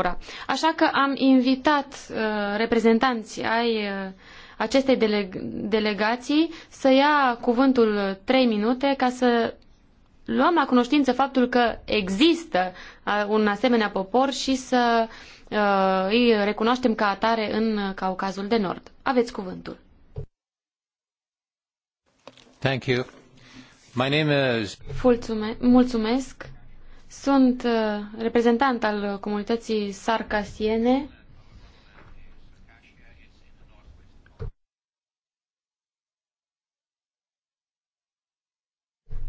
diaspora. Așa că am invitat uh, reprezentanți ai uh, acestei delegații să ia cuvântul trei minute ca să luăm la cunoștință faptul că există uh, un asemenea popor și să uh, îi recunoaștem ca atare în Caucazul de Nord. Aveți cuvântul. Thank you. My name is... Mulțumesc. Sunt uh, reprezentant al comunității sarcasiene.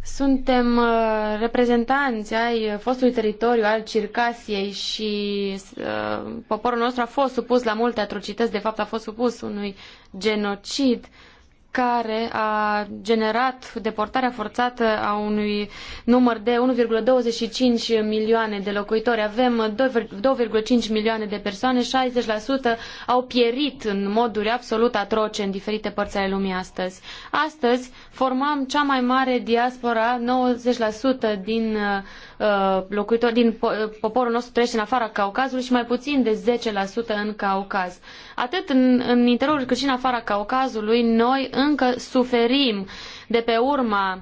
Suntem uh, reprezentanți ai fostului teritoriu al Circasiei și uh, poporul nostru a fost supus la multe atrocități, de fapt a fost supus unui genocid. Uh, care a generat deportarea forțată a unui număr de 1,25 milioane de locuitori. Avem 2,5 milioane de persoane, 60% au pierit în moduri absolut atroce în diferite părți ale lumii astăzi. Astăzi formam cea mai mare diaspora, 90% din Uh, locuitori din uh, poporul nostru trăiește în afara Caucazului și mai puțin de 10% în Caucaz. Atât în, în interiorul cât și în afara Caucazului, noi încă suferim de pe urma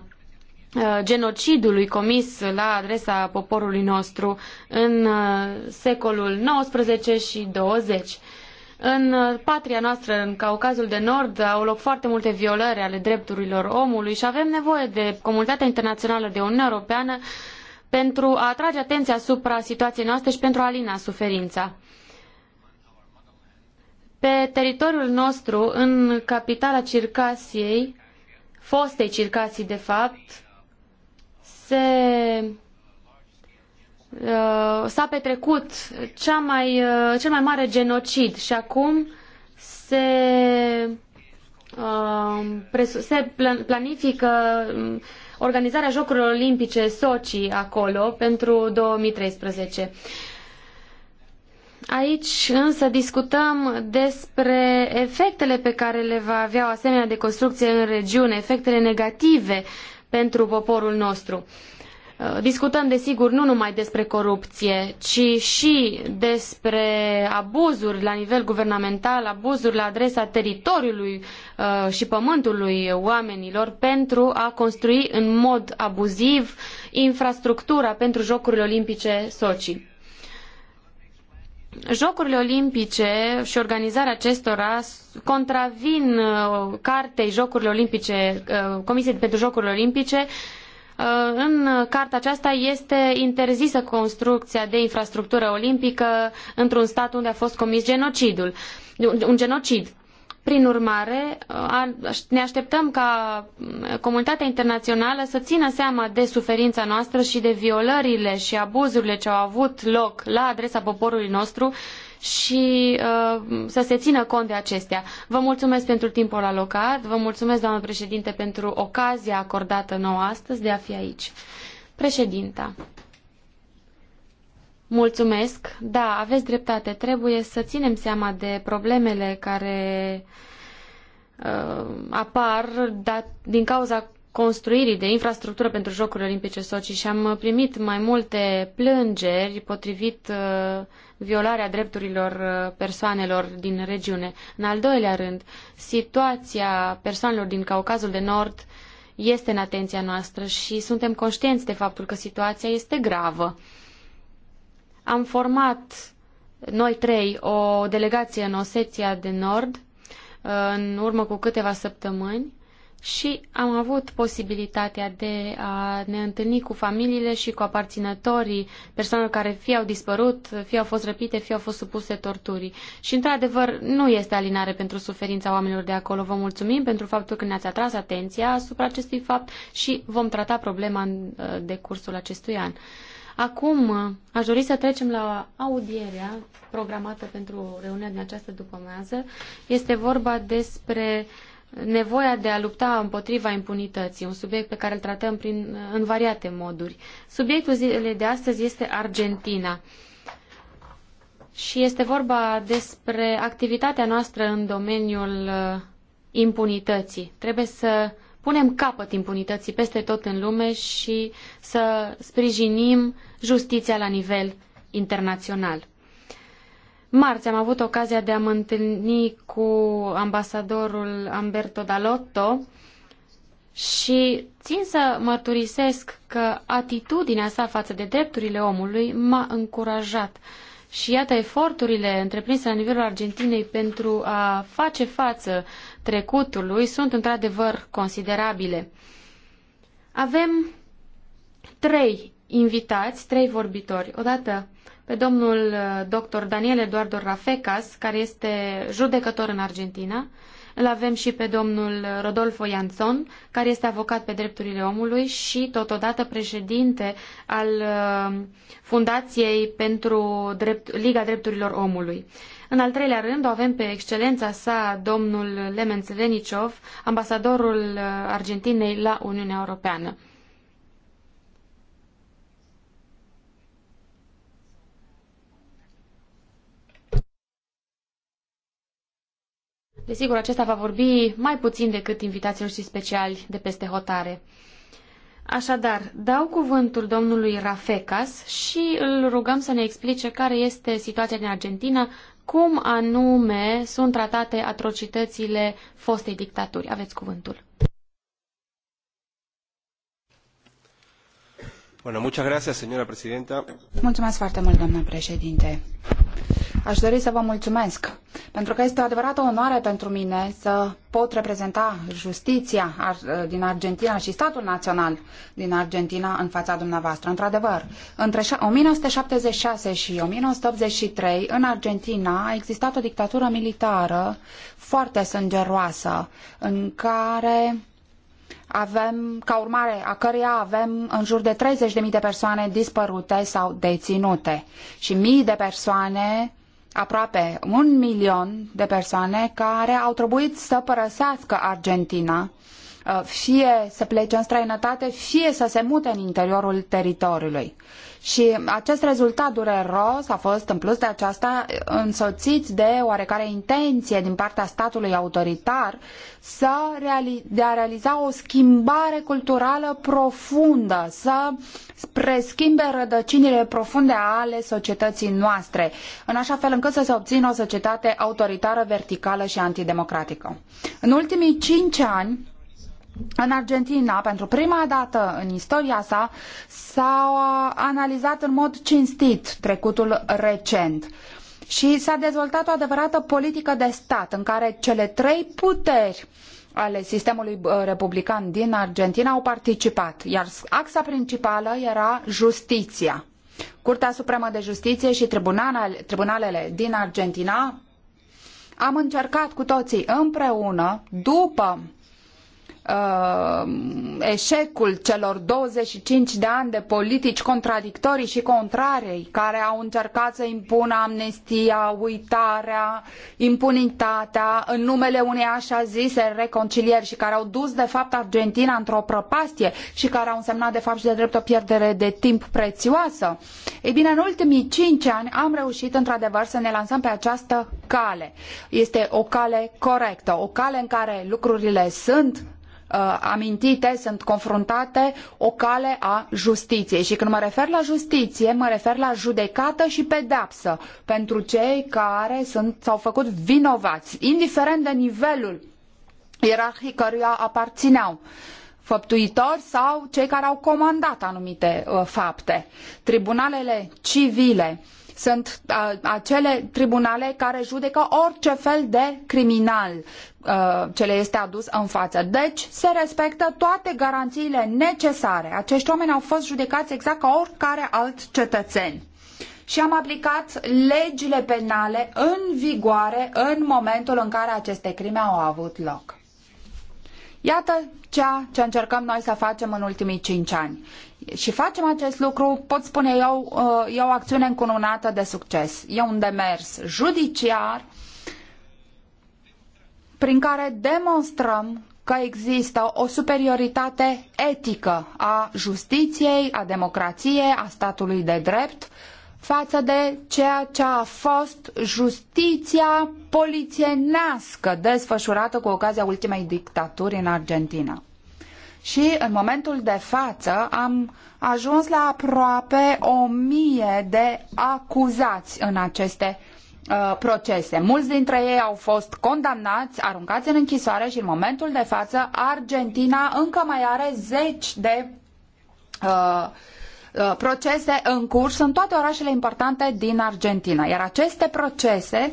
uh, genocidului comis la adresa poporului nostru în secolul 19 și 20. În patria noastră, în Caucazul de Nord, au loc foarte multe violări ale drepturilor omului și avem nevoie de comunitatea internațională, de Uniunea Europeană, pentru a atrage atenția asupra situației noastre și pentru a alina suferința. Pe teritoriul nostru, în capitala Circasiei, fostei Circasii de fapt, se uh, s-a petrecut cea mai, uh, cel mai mare genocid și acum se, uh, se planifică um, organizarea Jocurilor Olimpice Sochi acolo pentru 2013. Aici însă discutăm despre efectele pe care le va avea o asemenea construcție în regiune, efectele negative pentru poporul nostru. Uh, discutăm, desigur, nu numai despre corupție, ci și despre abuzuri la nivel guvernamental, abuzuri la adresa teritoriului uh, și pământului oamenilor pentru a construi în mod abuziv infrastructura pentru Jocurile Olimpice Sochi. Jocurile Olimpice și organizarea acestora contravin uh, cartei Jocurile Olimpice, Comisiei pentru Jocurile Olimpice, Uh, în cartea aceasta este interzisă construcția de infrastructură olimpică într-un stat unde a fost comis genocidul, un genocid. Prin urmare, uh, ne așteptăm ca mm, comunitatea internațională să țină seama de suferința noastră și de violările și abuzurile ce au avut loc la adresa poporului nostru și uh, să se țină cont de acestea. Vă mulțumesc pentru timpul alocat, vă mulțumesc, doamnă președinte, pentru ocazia acordată nouă astăzi de a fi aici. Președinta. Mulțumesc. Da, aveți dreptate. Trebuie să ținem seama de problemele care uh, apar dat, din cauza construirii de infrastructură pentru Jocurile Olimpice Sochi și am primit mai multe plângeri potrivit uh, violarea drepturilor uh, persoanelor din regiune. În al doilea rând, situația persoanelor din Caucazul de Nord este în atenția noastră și suntem conștienți de faptul că situația este gravă. Am format noi trei o delegație în Oseția de Nord uh, în urmă cu câteva săptămâni și am avut posibilitatea de a ne întâlni cu familiile și cu aparținătorii persoanelor care fie au dispărut, fie au fost răpite, fie au fost supuse torturii. Și, într-adevăr, nu este alinare pentru suferința oamenilor de acolo. Vă mulțumim pentru faptul că ne-ați atras atenția asupra acestui fapt și vom trata problema în uh, decursul acestui an. Acum uh, aș dori să trecem la audierea programată pentru reuniunea din această după Este vorba despre uh, nevoia de a lupta împotriva impunității, un subiect pe care îl tratăm prin, în variate moduri. Subiectul zilei de astăzi este Argentina. Și este vorba despre activitatea noastră în domeniul uh, impunității. Trebuie să punem capăt impunității peste tot în lume și să sprijinim justiția la nivel internațional. Marți am avut ocazia de a mă întâlni cu ambasadorul Amberto Dalotto și țin să mărturisesc că atitudinea sa față de drepturile omului m-a încurajat. Și iată eforturile întreprinse la nivelul Argentinei pentru a face față trecutului sunt într-adevăr considerabile. Avem trei invitați, trei vorbitori. Odată pe domnul uh, dr. Daniel Eduardo Rafecas, care este judecător în Argentina. Îl avem și pe domnul Rodolfo Ianzon, care este avocat pe drepturile omului și totodată președinte al uh, Fundației pentru Drept, Liga Drepturilor Omului. În al treilea rând, o avem pe excelența sa domnul Lemens Venicov, ambasadorul uh, Argentinei la Uniunea Europeană. Desigur, acesta va vorbi mai puțin decât invitațiilor și speciali de peste hotare. Așadar, dau cuvântul domnului Rafecas și îl rugăm să ne explice care este situația din Argentina, cum anume sunt tratate atrocitățile fostei dictaturi. Aveți cuvântul. Bună, muchas gracias, señora presidenta. Mulțumesc foarte mult, doamnă președinte. Aș dori să vă mulțumesc, pentru că este o adevărată onoare pentru mine să pot reprezenta justiția din Argentina și statul național din Argentina în fața dumneavoastră. Într-adevăr, între 1976 și 1983, în Argentina a existat o dictatură militară foarte sângeroasă, în care avem, ca urmare a căreia avem în jur de 30.000 de persoane dispărute sau deținute și mii de persoane aproape un milion de persoane care au trebuit să părăsească Argentina Uh, fie să plece în străinătate, fie să se mute în interiorul teritoriului. Și acest rezultat dureros a fost, în plus de aceasta, însoțit de oarecare intenție din partea statului autoritar să reali- de a realiza o schimbare culturală profundă, să preschimbe rădăcinile profunde ale societății noastre, în așa fel încât să se obțină o societate autoritară, verticală și antidemocratică. În ultimii cinci ani, în Argentina, pentru prima dată în istoria sa, s-a analizat în mod cinstit trecutul recent. Și s-a dezvoltat o adevărată politică de stat în care cele trei puteri ale sistemului uh, republican din Argentina au participat, iar axa principală era justiția. Curtea Supremă de Justiție și tribunalele din Argentina am încercat cu toții împreună, după uh, eșecul celor 25 de ani de politici contradictorii și contrarei care au încercat să impună amnestia, uitarea, impunitatea în numele unei așa zise reconcilieri și care au dus de fapt Argentina într-o prăpastie și care au însemnat de fapt și de drept o pierdere de timp prețioasă. Ei bine, în ultimii cinci ani am reușit într-adevăr să ne lansăm pe această cale. Este o cale corectă, o cale în care lucrurile sunt uh, amintite sunt confruntate o cale a justiției. Și când mă refer la justiție, mă refer la judecată și pedapsă pentru cei care sunt, s-au făcut vinovați, indiferent de nivelul ierarhic căruia aparțineau făptuitori sau cei care au comandat anumite uh, fapte. Tribunalele civile uh, sunt acele tribunale care judecă orice fel de criminal ce le este adus în față. Deci se respectă toate garanțiile necesare. Acești oameni au fost judecați exact ca oricare alt cetățen și am aplicat legile penale în vigoare în momentul în care aceste crime au avut loc. Iată ceea ce încercăm noi să facem în ultimii cinci ani și facem acest lucru, pot spune eu, uh, e o acțiune încununată de succes. E un demers judiciar prin care demonstrăm că există o superioritate etică a justiției, a democrației, a statului de drept față de ceea ce a fost justiția polițienească desfășurată cu ocazia ultimei dictaturi în Argentina și în momentul de față am ajuns la aproape o mie de acuzați în aceste uh, procese. Mulți dintre ei au fost condamnați, aruncați în închisoare și în momentul de față Argentina încă mai are zeci de uh, uh procese în curs în toate orașele importante din Argentina. Iar aceste procese,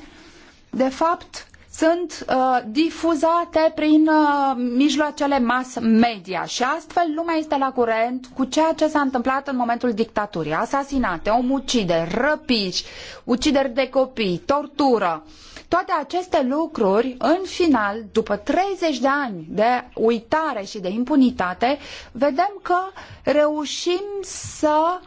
de fapt, sunt uh, difuzate prin uh, mijloacele mass media și astfel lumea este la curent cu ceea ce s-a întâmplat în momentul dictaturii. Asasinate, omucideri, răpici, ucideri de copii, tortură. Toate aceste lucruri, în final, după 30 de ani de uitare și de impunitate, vedem că reușim să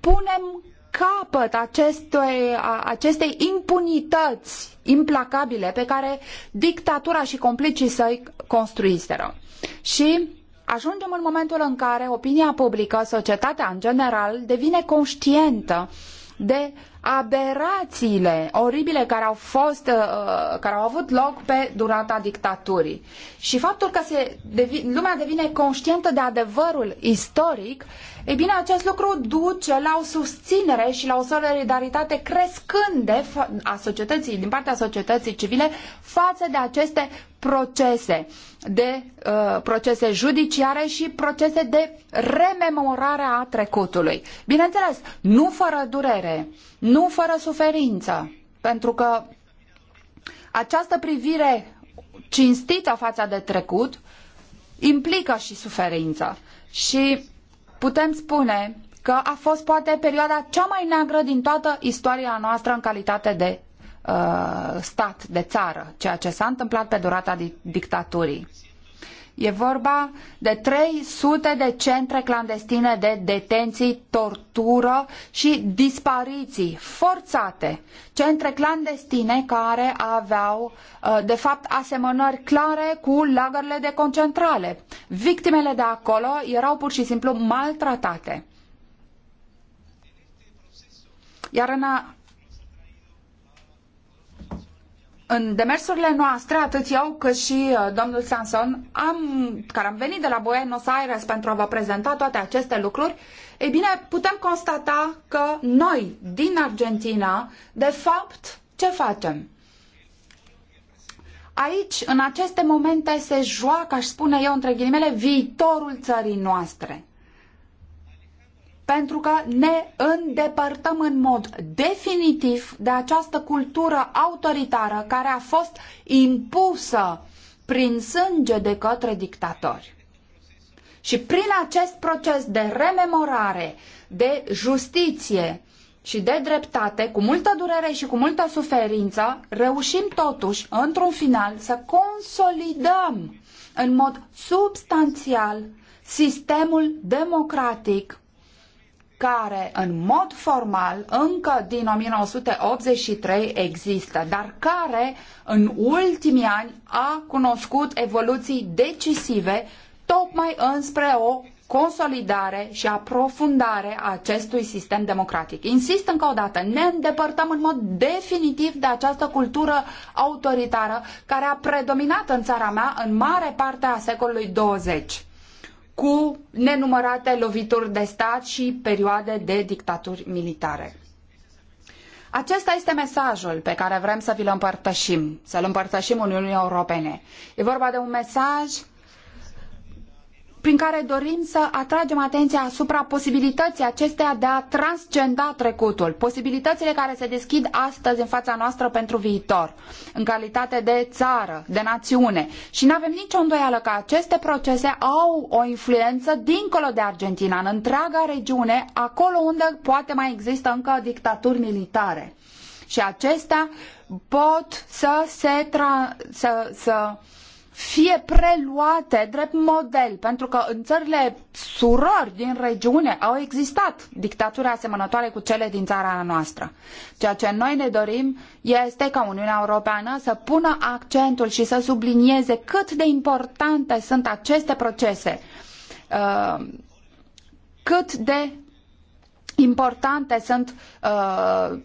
punem capăt acestei, acestei impunități implacabile pe care dictatura și complicii săi construiseră. Și ajungem în momentul în care opinia publică, societatea în general, devine conștientă de aberațiile oribile care au fost, uh, uh, care au avut loc pe durata dictaturii. Și faptul că se devi, lumea devine conștientă de adevărul istoric, e bine, acest lucru duce la o susținere și la o solidaritate crescândă a societății, din partea societății civile față de aceste procese de uh, procese judiciare și procese de rememorare a trecutului. Bineînțeles, nu fără durere, nu fără suferință, pentru că această privire cinstită față de trecut implică și suferință. Și putem spune că a fost poate perioada cea mai neagră din toată istoria noastră în calitate de uh, stat, de țară, ceea ce s-a întâmplat pe durata dictaturii. E vorba de 300 de centre clandestine de detenții, tortură și dispariții forțate. Centre clandestine care aveau, uh, de fapt, asemănări clare cu lagările de concentrare. Victimele de acolo erau pur și simplu maltratate. Iar în în demersurile noastre, atât eu cât și uh, domnul Sanson, am, care am venit de la Buenos Aires pentru a vă prezenta toate aceste lucruri, ei bine, putem constata că noi, din Argentina, de fapt, ce facem? Aici, în aceste momente, se joacă, aș spune eu, între ghilimele, viitorul țării noastre pentru că ne îndepărtăm în mod definitiv de această cultură autoritară care a fost impusă prin sânge de către dictatori. Și prin acest proces de rememorare, de justiție și de dreptate, cu multă durere și cu multă suferință, reușim totuși, într-un final, să consolidăm în mod substanțial sistemul democratic care în mod formal încă din 1983 există, dar care în ultimii ani a cunoscut evoluții decisive tocmai înspre o consolidare și aprofundare a acestui sistem democratic. Insist încă o dată, ne îndepărtăm în mod definitiv de această cultură autoritară care a predominat în țara mea în mare parte a secolului 20 cu nenumărate lovituri de stat și perioade de dictaturi militare. Acesta este mesajul pe care vrem să vi-l împărtășim, să-l împărtășim Uniunii Europene. E vorba de un mesaj prin care dorim să atragem atenția asupra posibilității acesteia de a transcenda trecutul, posibilitățile care se deschid astăzi în fața noastră pentru viitor, în calitate de țară, de națiune. Și nu avem nicio îndoială că aceste procese au o influență dincolo de Argentina, în întreaga regiune, acolo unde poate mai există încă dictaturi militare. Și acestea pot să se... Tra- să, să fie preluate drept model, pentru că în țările surori din regiune au existat dictaturi asemănătoare cu cele din țara noastră. Ceea ce noi ne dorim este ca Uniunea Europeană să pună accentul și să sublinieze cât de importante sunt aceste procese, uh, cât de importante sunt uh,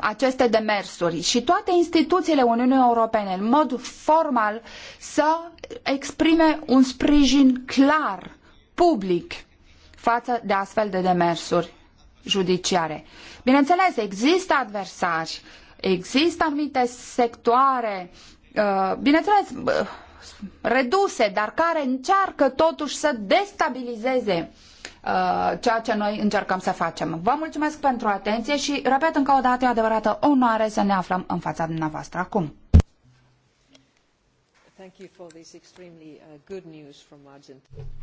aceste demersuri și toate instituțiile Uniunii Europene, în mod formal, să exprime un sprijin clar, public, față de astfel de demersuri judiciare. Bineînțeles, există adversari, există anumite sectoare, uh, bineînțeles, uh, reduse, dar care încearcă totuși să destabilizeze uh, Uh, ceea ce noi încercăm să facem. Vă mulțumesc pentru atenție și, repet încă o dată, e adevărată onoare să ne aflăm în fața dumneavoastră acum. Uh,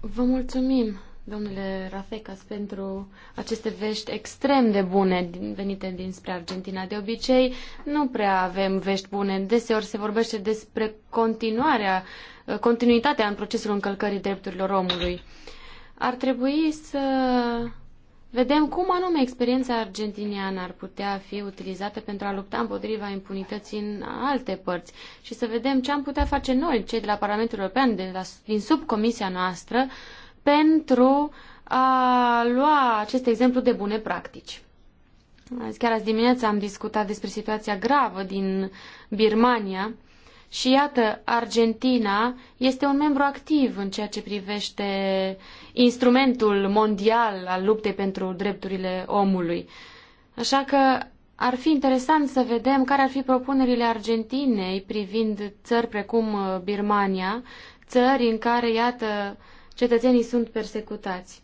Vă mulțumim, domnule Rafecas, pentru aceste vești extrem de bune venite dinspre Argentina. De obicei, nu prea avem vești bune. Deseori se vorbește despre continuarea, uh, continuitatea în procesul încălcării drepturilor omului. Uh, ar trebui să vedem cum anume experiența argentiniană ar putea fi utilizată pentru a lupta împotriva impunității în alte părți și să vedem ce am putea face noi, cei de la Parlamentul European, de la, din subcomisia noastră, pentru a lua acest exemplu de bune practici. Chiar azi dimineața am discutat despre situația gravă din Birmania, și iată, Argentina este un membru activ în ceea ce privește instrumentul mondial al luptei pentru drepturile omului. Așa că ar fi interesant să vedem care ar fi propunerile Argentinei privind țări precum uh, Birmania, țări în care, iată, cetățenii sunt persecutați.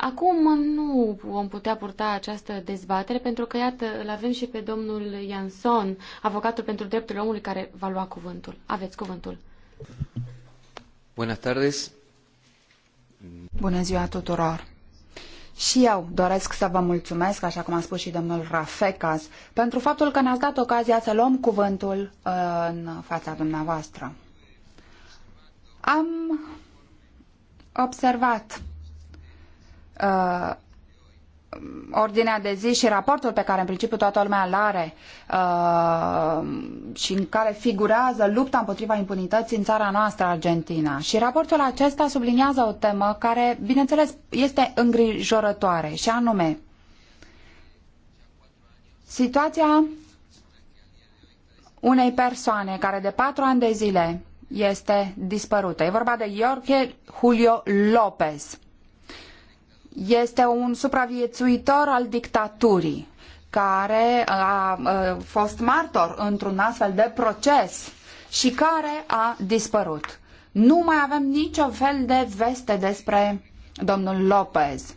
Acum nu vom putea purta această dezbatere pentru că, iată, îl avem și pe domnul Ianson, avocatul pentru drepturile omului, care va lua cuvântul. Aveți cuvântul. Buenas tardes. Bună ziua tuturor. Și eu doresc să vă mulțumesc, așa cum a spus și domnul Rafecas, pentru faptul că ne-ați dat ocazia să luăm cuvântul uh, în fața dumneavoastră. Am observat uh, ordinea de zi și raportul pe care în principiu toată lumea îl are uh, și în care figurează lupta împotriva impunității în țara noastră, Argentina. Și raportul acesta subliniază o temă care, bineînțeles, este îngrijorătoare și anume situația unei persoane care de patru ani de zile este dispărută. E vorba de Jorge Julio López este un supraviețuitor al dictaturii care a fost martor într-un astfel de proces și care a dispărut. Nu mai avem niciun fel de veste despre domnul Lopez.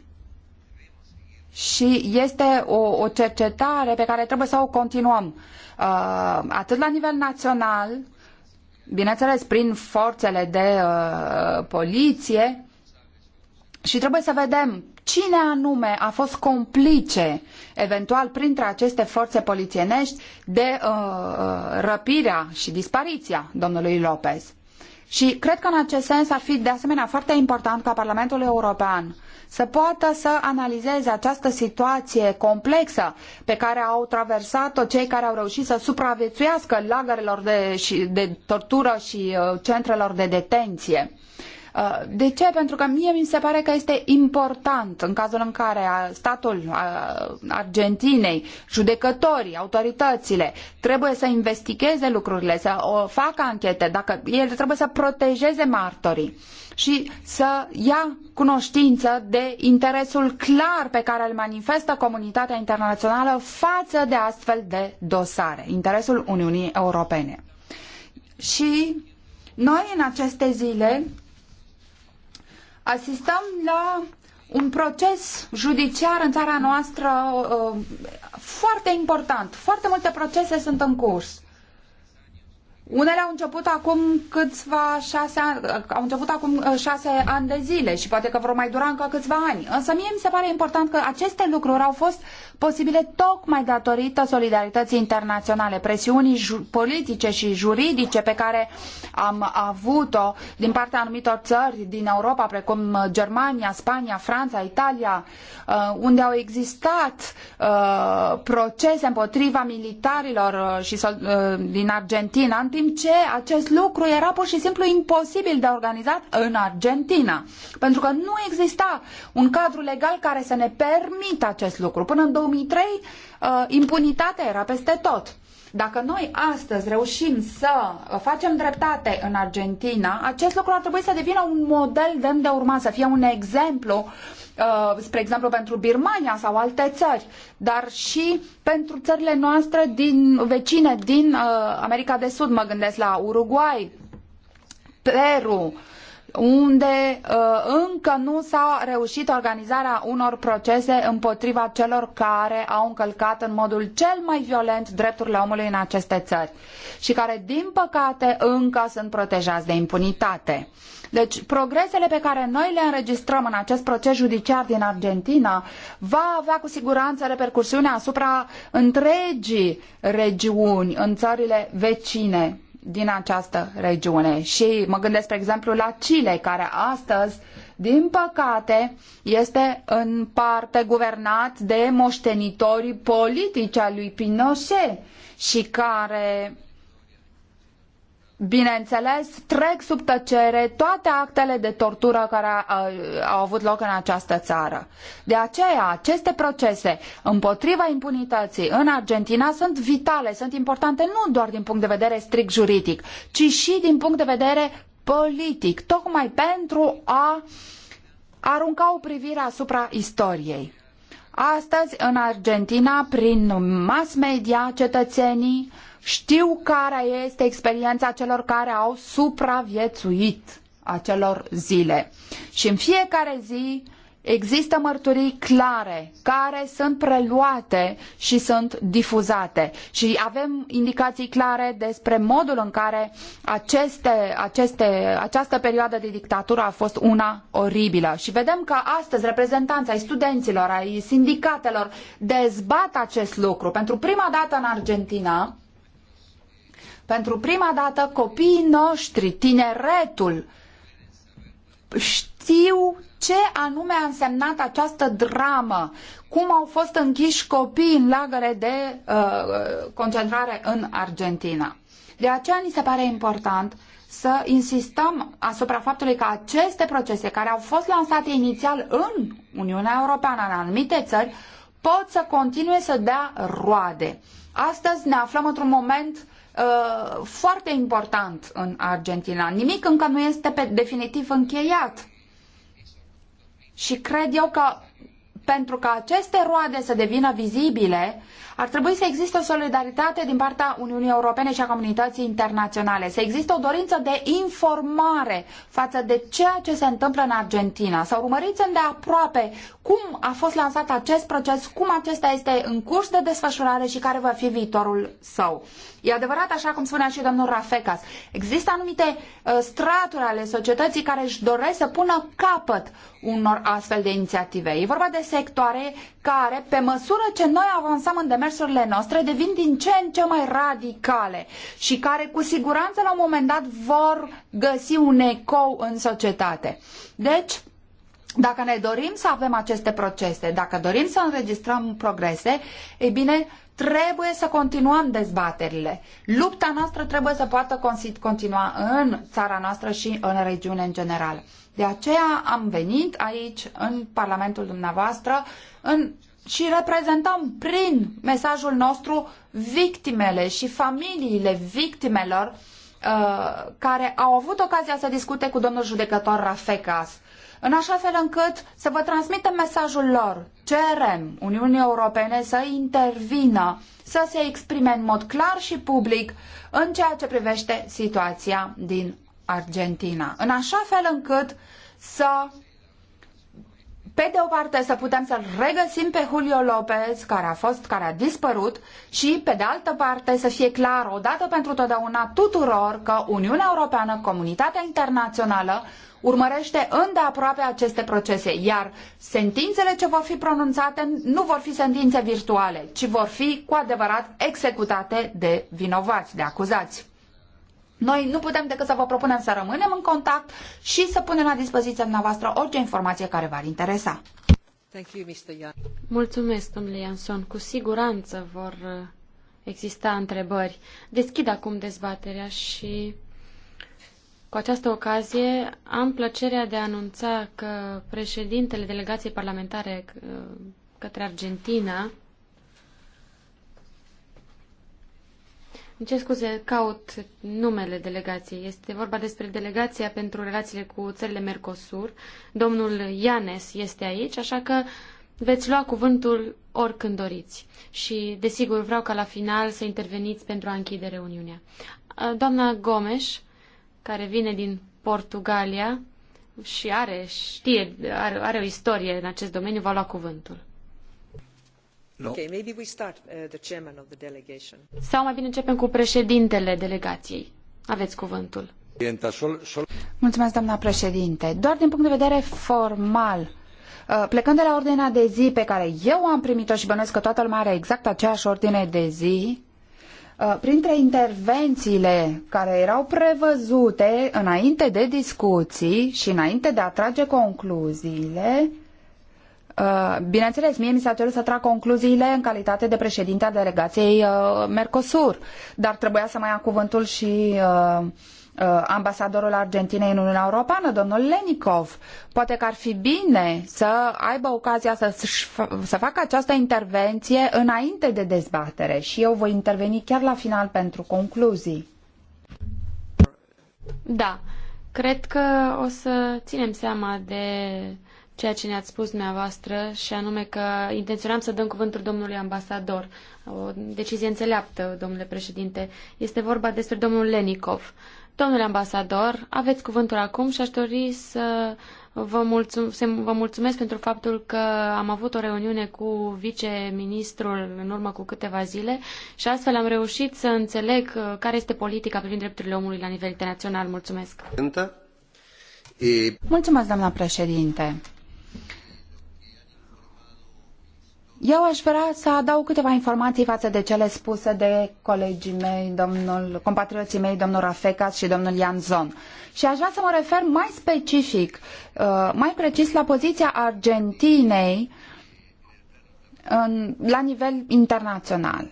Și este o, o cercetare pe care trebuie să o continuăm, uh, atât la nivel național, bineînțeles prin forțele de uh, poliție, și trebuie să vedem cine anume a fost complice, eventual printre aceste forțe polițienești, de uh, uh, răpirea și dispariția domnului Lopez. Și cred că în acest sens ar fi de asemenea foarte important ca Parlamentul European să poată să analizeze această situație complexă pe care au traversat-o cei care au reușit să supraviețuiască lagărelor de, de tortură și uh, centrelor de detenție Uh, de ce? Pentru că mie mi se pare că este important în cazul în care uh, statul uh, Argentinei, judecătorii, autoritățile trebuie să investigheze lucrurile, să facă anchete, dacă el trebuie să protejeze martorii și să ia cunoștință de interesul clar pe care îl manifestă comunitatea internațională față de astfel de dosare, interesul Uniunii Europene. Și noi în aceste zile asistăm la un proces judiciar în țara noastră uh, foarte important. Foarte multe procese sunt în curs. Unele au început acum câțiva șase ani, uh, au început acum uh, șase ani de zile și poate că vor mai dura încă câțiva ani. Însă mie mi se pare important că aceste lucruri au fost posibile tocmai datorită solidarității internaționale, presiunii politice și juridice pe care am avut-o din partea anumitor țări din Europa, precum Germania, Spania, Franța, Italia, uh, unde au existat uh, procese împotriva militarilor uh, și din Argentina, în timp ce acest lucru era pur și simplu imposibil de organizat în Argentina, pentru că nu exista un cadru legal care să ne permită acest lucru. Până în 2003 uh, impunitatea era peste tot. Dacă noi astăzi reușim să uh, facem dreptate în Argentina, acest lucru ar trebui să devină un model demn de urmat, să fie un exemplu, uh, spre exemplu pentru Birmania sau alte țări, dar și pentru țările noastre din, vecine din America de Sud, mă gândesc la Uruguay, Peru, unde uh, încă nu s-a reușit organizarea unor procese împotriva celor care au încălcat în modul cel mai violent drepturile omului în aceste țări și care, din păcate, încă sunt protejați de impunitate. Deci, progresele pe care noi le înregistrăm în acest proces judiciar din Argentina va avea cu siguranță repercusiuni asupra întregii regiuni în țările vecine din această regiune. Și mă gândesc, spre exemplu, la Chile, care astăzi, din păcate, este în parte guvernat de moștenitorii politici a lui Pinochet și care bineînțeles, trec sub tăcere toate actele de tortură care uh, au avut loc în această țară. De aceea, aceste procese împotriva impunității în Argentina sunt vitale, sunt importante nu doar din punct de vedere strict juridic, ci și din punct de vedere politic, tocmai pentru a arunca o privire asupra istoriei. Astăzi, în Argentina, prin mass media, cetățenii, știu care este experiența celor care au supraviețuit acelor zile. Și în fiecare zi există mărturii clare care sunt preluate și sunt difuzate și avem indicații clare despre modul în care aceste, aceste, această perioadă de dictatură a fost una oribilă și vedem că astăzi reprezentanții ai studenților, ai sindicatelor dezbat acest lucru. Pentru prima dată în Argentina pentru prima dată copiii noștri, tineretul, știu ce anume a însemnat această dramă, cum au fost închiși copiii în lagăre de uh, concentrare în Argentina. De aceea ni se pare important să insistăm asupra faptului că aceste procese care au fost lansate inițial în Uniunea Europeană, în anumite țări, pot să continue să dea roade. Astăzi ne aflăm într-un moment uh, Uh, foarte important în Argentina. Nimic încă nu este pe definitiv încheiat. Și cred eu că pentru ca aceste roade să devină vizibile, ar trebui să existe o solidaritate din partea Uniunii Europene și a comunității internaționale, să existe o dorință de informare față de ceea ce se întâmplă în Argentina, să urmăriți îndeaproape cum a fost lansat acest proces, cum acesta este în curs de desfășurare și care va fi viitorul său. E adevărat, așa cum spunea și domnul Rafecas, există anumite uh, straturi ale societății care își doresc să pună capăt unor astfel de inițiative. E vorba de sectoare care, pe măsură ce noi avansăm în demersul demersurile noastre devin din ce în ce mai radicale și care cu siguranță la un moment dat vor găsi un ecou în societate. Deci, dacă ne dorim să avem aceste procese, dacă dorim să înregistrăm progrese, e bine, trebuie să continuăm dezbaterile. Lupta noastră trebuie să poată continua în țara noastră și în regiune în general. De aceea am venit aici, în Parlamentul dumneavoastră, în și reprezentăm prin mesajul nostru victimele și familiile victimelor uh, care au avut ocazia să discute cu domnul judecător Rafecas în așa fel încât să vă transmitem mesajul lor. Cerem Uniunii Europene să intervină, să se exprime în mod clar și public în ceea ce privește situația din Argentina. În așa fel încât să pe de o parte să putem să-l regăsim pe Julio Lopez, care a fost, care a dispărut, și pe de altă parte să fie clar odată pentru totdeauna tuturor că Uniunea Europeană, comunitatea internațională, urmărește îndeaproape aceste procese, iar sentințele ce vor fi pronunțate nu vor fi sentințe virtuale, ci vor fi cu adevărat executate de vinovați, de acuzați. Noi nu putem decât să vă propunem să rămânem în contact și să punem la dispoziția dumneavoastră orice informație care v-ar interesa. Mulțumesc, domnule Ianson. Cu siguranță vor uh, exista întrebări. Deschid acum dezbaterea și cu această ocazie am plăcerea de a anunța că președintele delegației parlamentare uh, către Argentina, Îmi cer scuze, caut numele delegației. Este vorba despre delegația pentru relațiile cu țările Mercosur. Domnul Ianes este aici, așa că veți lua cuvântul oricând doriți. Și, desigur, vreau ca la final să interveniți pentru a închide reuniunea. Doamna Gomes, care vine din Portugalia și are, știe, are, are o istorie în acest domeniu, va lua cuvântul. Sau mai bine începem cu președintele delegației. Aveți cuvântul. Mulțumesc, doamna președinte. Doar din punct de vedere formal, uh, plecând de la ordinea de zi pe care eu am primit-o și bănuiesc că toată lumea are exact aceeași ordine de zi, uh, printre intervențiile care erau prevăzute înainte de discuții și înainte de a trage concluziile, Uh, bineînțeles, mie mi s-a cerut să trag concluziile în calitate de președinte a delegației uh, Mercosur, dar trebuia să mai ia cuvântul și uh, ambasadorul Argentinei în Uniunea Europeană, domnul Lenikov. Poate că ar fi bine să aibă ocazia să, să facă această intervenție înainte de dezbatere și eu voi interveni chiar la final pentru concluzii. Da, cred că o să ținem seama de ceea ce ne-ați spus dumneavoastră și anume că intenționam să dăm cuvântul domnului ambasador. O decizie înțeleaptă, domnule președinte. Este vorba despre domnul Lenikov. Domnule ambasador, aveți cuvântul acum și aș dori să vă, mulțum- să vă mulțumesc pentru faptul că am avut o reuniune cu viceministrul în urmă cu câteva zile și astfel am reușit să înțeleg uh, care este politica privind drepturile omului la nivel internațional. Mulțumesc! Mulțumesc, doamna președinte! Eu aș vrea să adaug câteva informații față de cele spuse de colegii mei, domnul, compatrioții mei, domnul Rafecas și domnul Ian Zon. Și aș vrea să mă refer mai specific, uh, mai precis la poziția Argentinei în, la nivel internațional.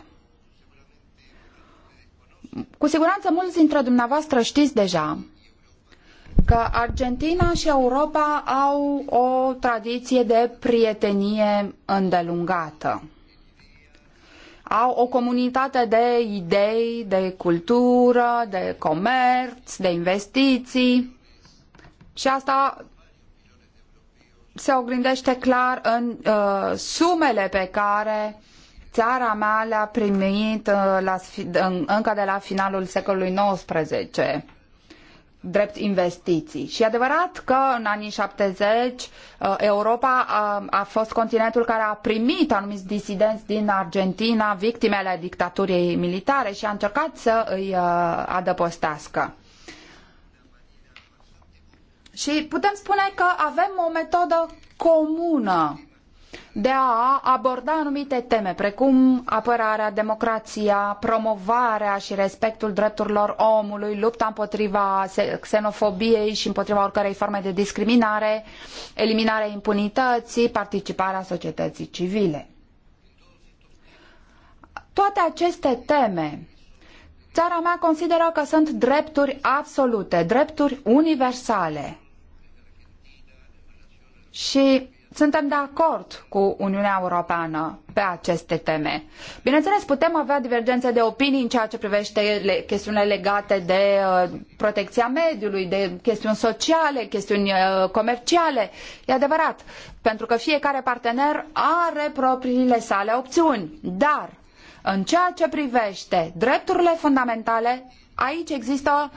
Cu siguranță mulți dintre dumneavoastră știți deja că Argentina și Europa au o tradiție de prietenie îndelungată. Au o comunitate de idei, de cultură, de comerț, de investiții și asta se oglindește clar în uh, sumele pe care țara mea le-a primit uh, la, în, încă de la finalul secolului XIX drept investiții. Și e adevărat că în anii 70 uh, Europa a, uh, a fost continentul care a primit anumiți disidenți din Argentina, victime ale dictaturii militare și a încercat să îi uh, adăpostească. Și putem spune că avem o metodă comună de a aborda anumite teme, precum apărarea, democrația, promovarea și respectul drepturilor omului, lupta împotriva xenofobiei și împotriva oricărei forme de discriminare, eliminarea impunității, participarea societății civile. Toate aceste teme Țara mea consideră că sunt drepturi absolute, drepturi universale. Și suntem de acord cu Uniunea Europeană pe aceste teme. Bineînțeles, putem avea divergențe de opinii în ceea ce privește le, chestiunile legate de uh, protecția mediului, de chestiuni sociale, chestiuni uh, comerciale. E adevărat, pentru că fiecare partener are propriile sale opțiuni. Dar, în ceea ce privește drepturile fundamentale, aici există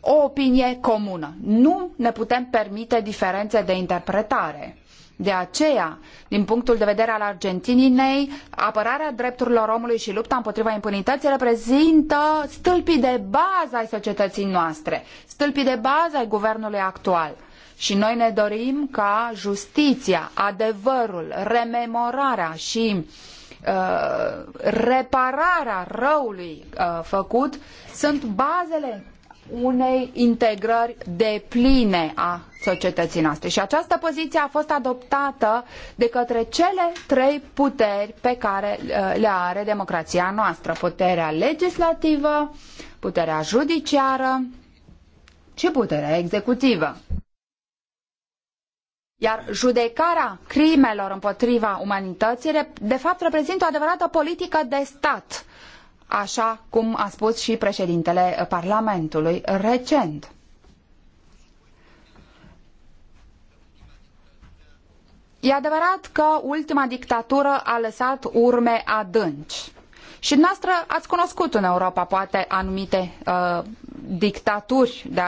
o opinie comună. Nu ne putem permite diferențe de interpretare. De aceea, din punctul de vedere al Argentinei, apărarea drepturilor omului și lupta împotriva impunității reprezintă stâlpii de bază ai societății noastre, stâlpii de bază ai guvernului actual. Și noi ne dorim ca justiția, adevărul, rememorarea și uh, repararea răului uh, făcut sunt bazele unei integrări depline a societății noastre. Și această poziție a fost adoptată de către cele trei puteri pe care uh, le are democrația noastră. Puterea legislativă, puterea judiciară și puterea executivă. Iar judecarea crimelor împotriva umanității, de fapt, reprezintă o adevărată politică de stat așa cum a spus și președintele Parlamentului recent. E adevărat că ultima dictatură a lăsat urme adânci. Și dumneavoastră ați cunoscut în Europa poate anumite uh, dictaturi de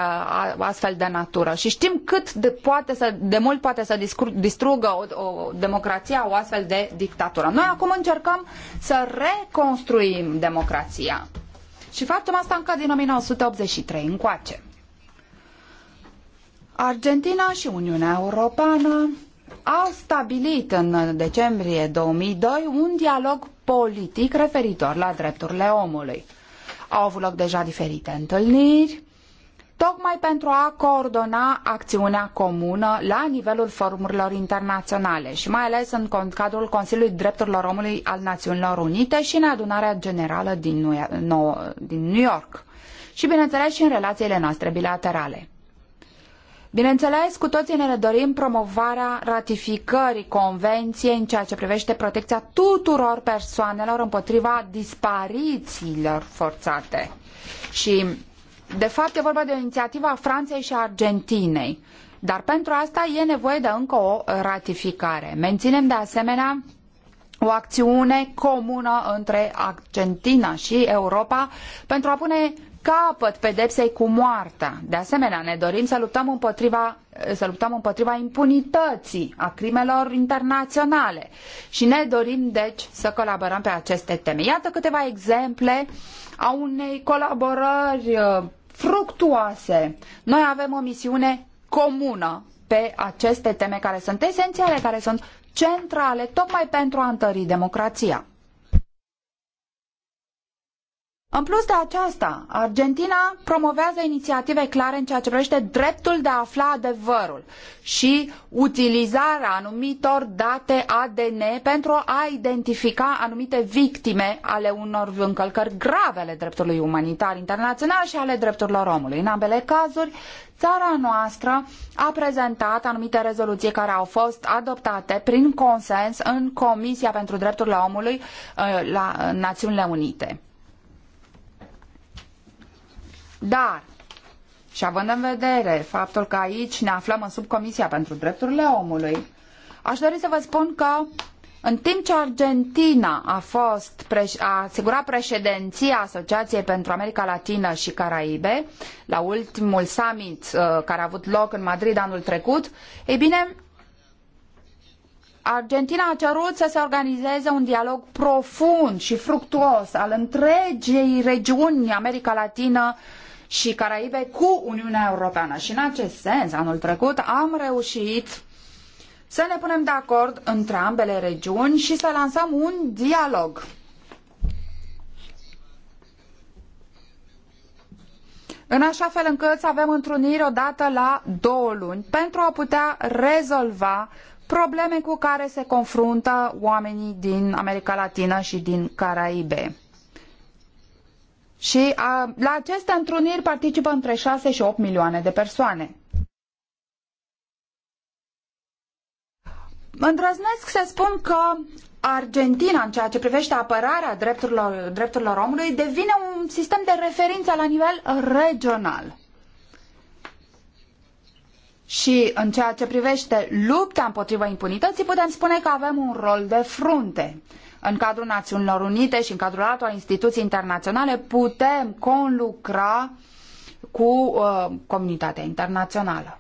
astfel de natură și știm cât de, poate să, de mult poate să distrugă o, o democrație o astfel de dictatură. Noi acum încercăm să reconstruim democrația și facem asta încă din 1983 încoace. Argentina și Uniunea Europeană au stabilit în decembrie 2002 un dialog politic referitor la drepturile omului. Au avut loc deja diferite întâlniri, tocmai pentru a coordona acțiunea comună la nivelul forumurilor internaționale și mai ales în cadrul Consiliului Drepturilor Omului al Națiunilor Unite și în adunarea generală din New York. Și bineînțeles și în relațiile noastre bilaterale. Bineînțeles, cu toții ne dorim promovarea ratificării convenției în ceea ce privește protecția tuturor persoanelor împotriva disparițiilor forțate. Și, de fapt, e vorba de o inițiativă a Franței și a Argentinei. Dar pentru asta e nevoie de încă o ratificare. Menținem, de asemenea, o acțiune comună între Argentina și Europa pentru a pune capăt pedepsei cu moartea. De asemenea, ne dorim să luptăm împotriva, să luptăm împotriva impunității a crimelor internaționale și ne dorim, deci, să colaborăm pe aceste teme. Iată câteva exemple a unei colaborări uh, fructuoase. Noi avem o misiune comună pe aceste teme care sunt esențiale, care sunt centrale, tocmai pentru a întări democrația. În plus de aceasta, Argentina promovează inițiative clare în ceea ce privește dreptul de a afla adevărul și utilizarea anumitor date ADN pentru a identifica anumite victime ale unor încălcări grave ale dreptului umanitar internațional și ale drepturilor omului. În ambele cazuri, țara noastră a prezentat anumite rezoluții care au fost adoptate prin consens în Comisia pentru Drepturile Omului uh, la Națiunile Unite. Dar, și având în vedere faptul că aici ne aflăm în subcomisia pentru drepturile omului, aș dori să vă spun că în timp ce Argentina a, fost, a asigurat președinția Asociației pentru America Latină și Caraibe, la ultimul summit uh, care a avut loc în Madrid anul trecut, ei bine, Argentina a cerut să se organizeze un dialog profund și fructuos al întregii regiuni America Latină uh, și Caraibe cu Uniunea Europeană. Și în acest sens, anul trecut am reușit să ne punem de acord între ambele regiuni și să lansăm un dialog. în așa fel încât să avem întruniri dată la două luni pentru a putea rezolva probleme cu care se confruntă oamenii din America Latină și din Caraibe. Și a, la aceste întruniri participă între 6 și 8 milioane de persoane. Îndrăznesc să spun că Argentina, în ceea ce privește apărarea drepturilor, drepturilor omului, devine un sistem de referință la nivel regional. Și în ceea ce privește lupta împotriva impunității, putem spune că avem un rol de frunte în cadrul Națiunilor Unite și în cadrul altor instituții internaționale putem conlucra cu uh, comunitatea internațională.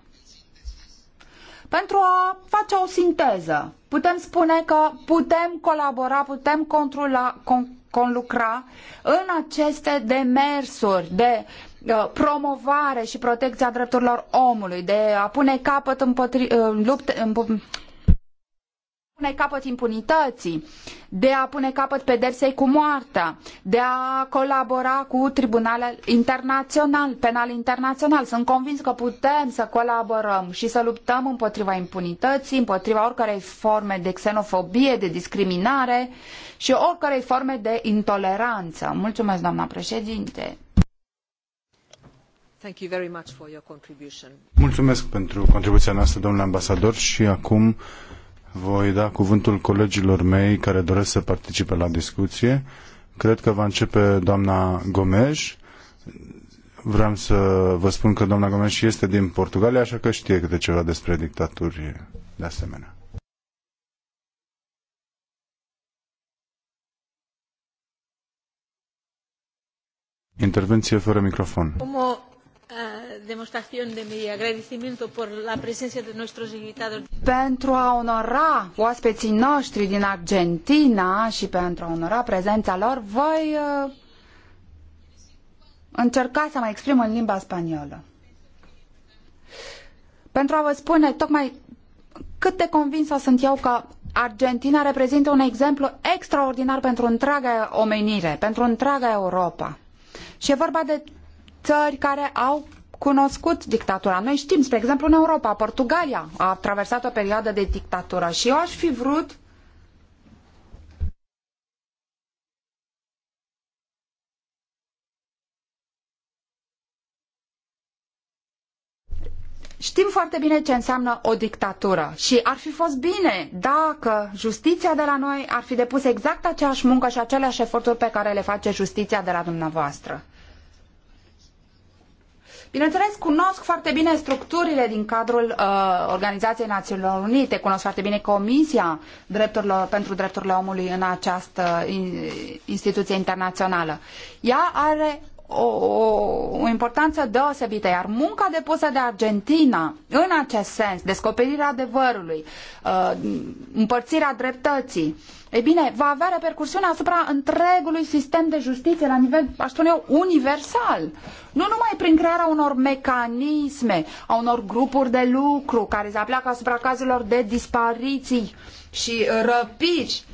Pentru a face o sinteză, putem spune că putem colabora, putem controla, con, conlucra în aceste demersuri de uh, promovare și protecția drepturilor omului, de a pune capăt împotri, uh, lupte, pune capăt impunității, de a pune capăt pedepsei cu moartea, de a colabora cu tribunale penal internațional. Sunt convins că putem să colaborăm și să luptăm împotriva impunității, împotriva oricărei forme de xenofobie, de discriminare și oricărei forme de intoleranță. Mulțumesc, doamna președinte. Mulțumesc pentru contribuția noastră, domnule ambasador, și acum voi da cuvântul colegilor mei care doresc să participe la discuție. Cred că va începe doamna Gomes. Vreau să vă spun că doamna Gomes este din Portugalia, așa că știe câte ceva despre dictaturi de asemenea. Intervenție fără microfon. Como demonstración de mi agradecimiento por la presencia de nuestros invitados. Pentru a onora oaspeții noștri din Argentina și pentru a onora prezența lor, voi uh, încerca să mă exprim în limba spaniolă. Pentru a vă spune tocmai cât de convinsă sunt eu că Argentina reprezintă un exemplu extraordinar pentru întreaga omenire, pentru întreaga Europa. Și e vorba de țări care au cunoscut dictatura. Noi știm, spre exemplu, în Europa, Portugalia a traversat o perioadă de dictatură și eu aș fi vrut Știm foarte bine ce înseamnă o dictatură și ar fi fost bine dacă justiția de la noi ar fi depus exact aceeași muncă și aceleași eforturi pe care le face justiția de la dumneavoastră. Bineînțeles, cunosc foarte bine structurile din cadrul uh, Organizației Națiunilor Unite, cunosc foarte bine Comisia drepturilor, pentru Drepturile Omului în această in, instituție internațională. Ea are o, o importanță deosebită, iar munca depusă de Argentina în acest sens, descoperirea adevărului, uh, împărțirea dreptății, e bine, va avea repercursiune asupra întregului sistem de justiție la nivel, aș spune eu, universal. Nu numai prin crearea unor mecanisme, a unor grupuri de lucru care se apleacă asupra cazurilor de dispariții și răpiri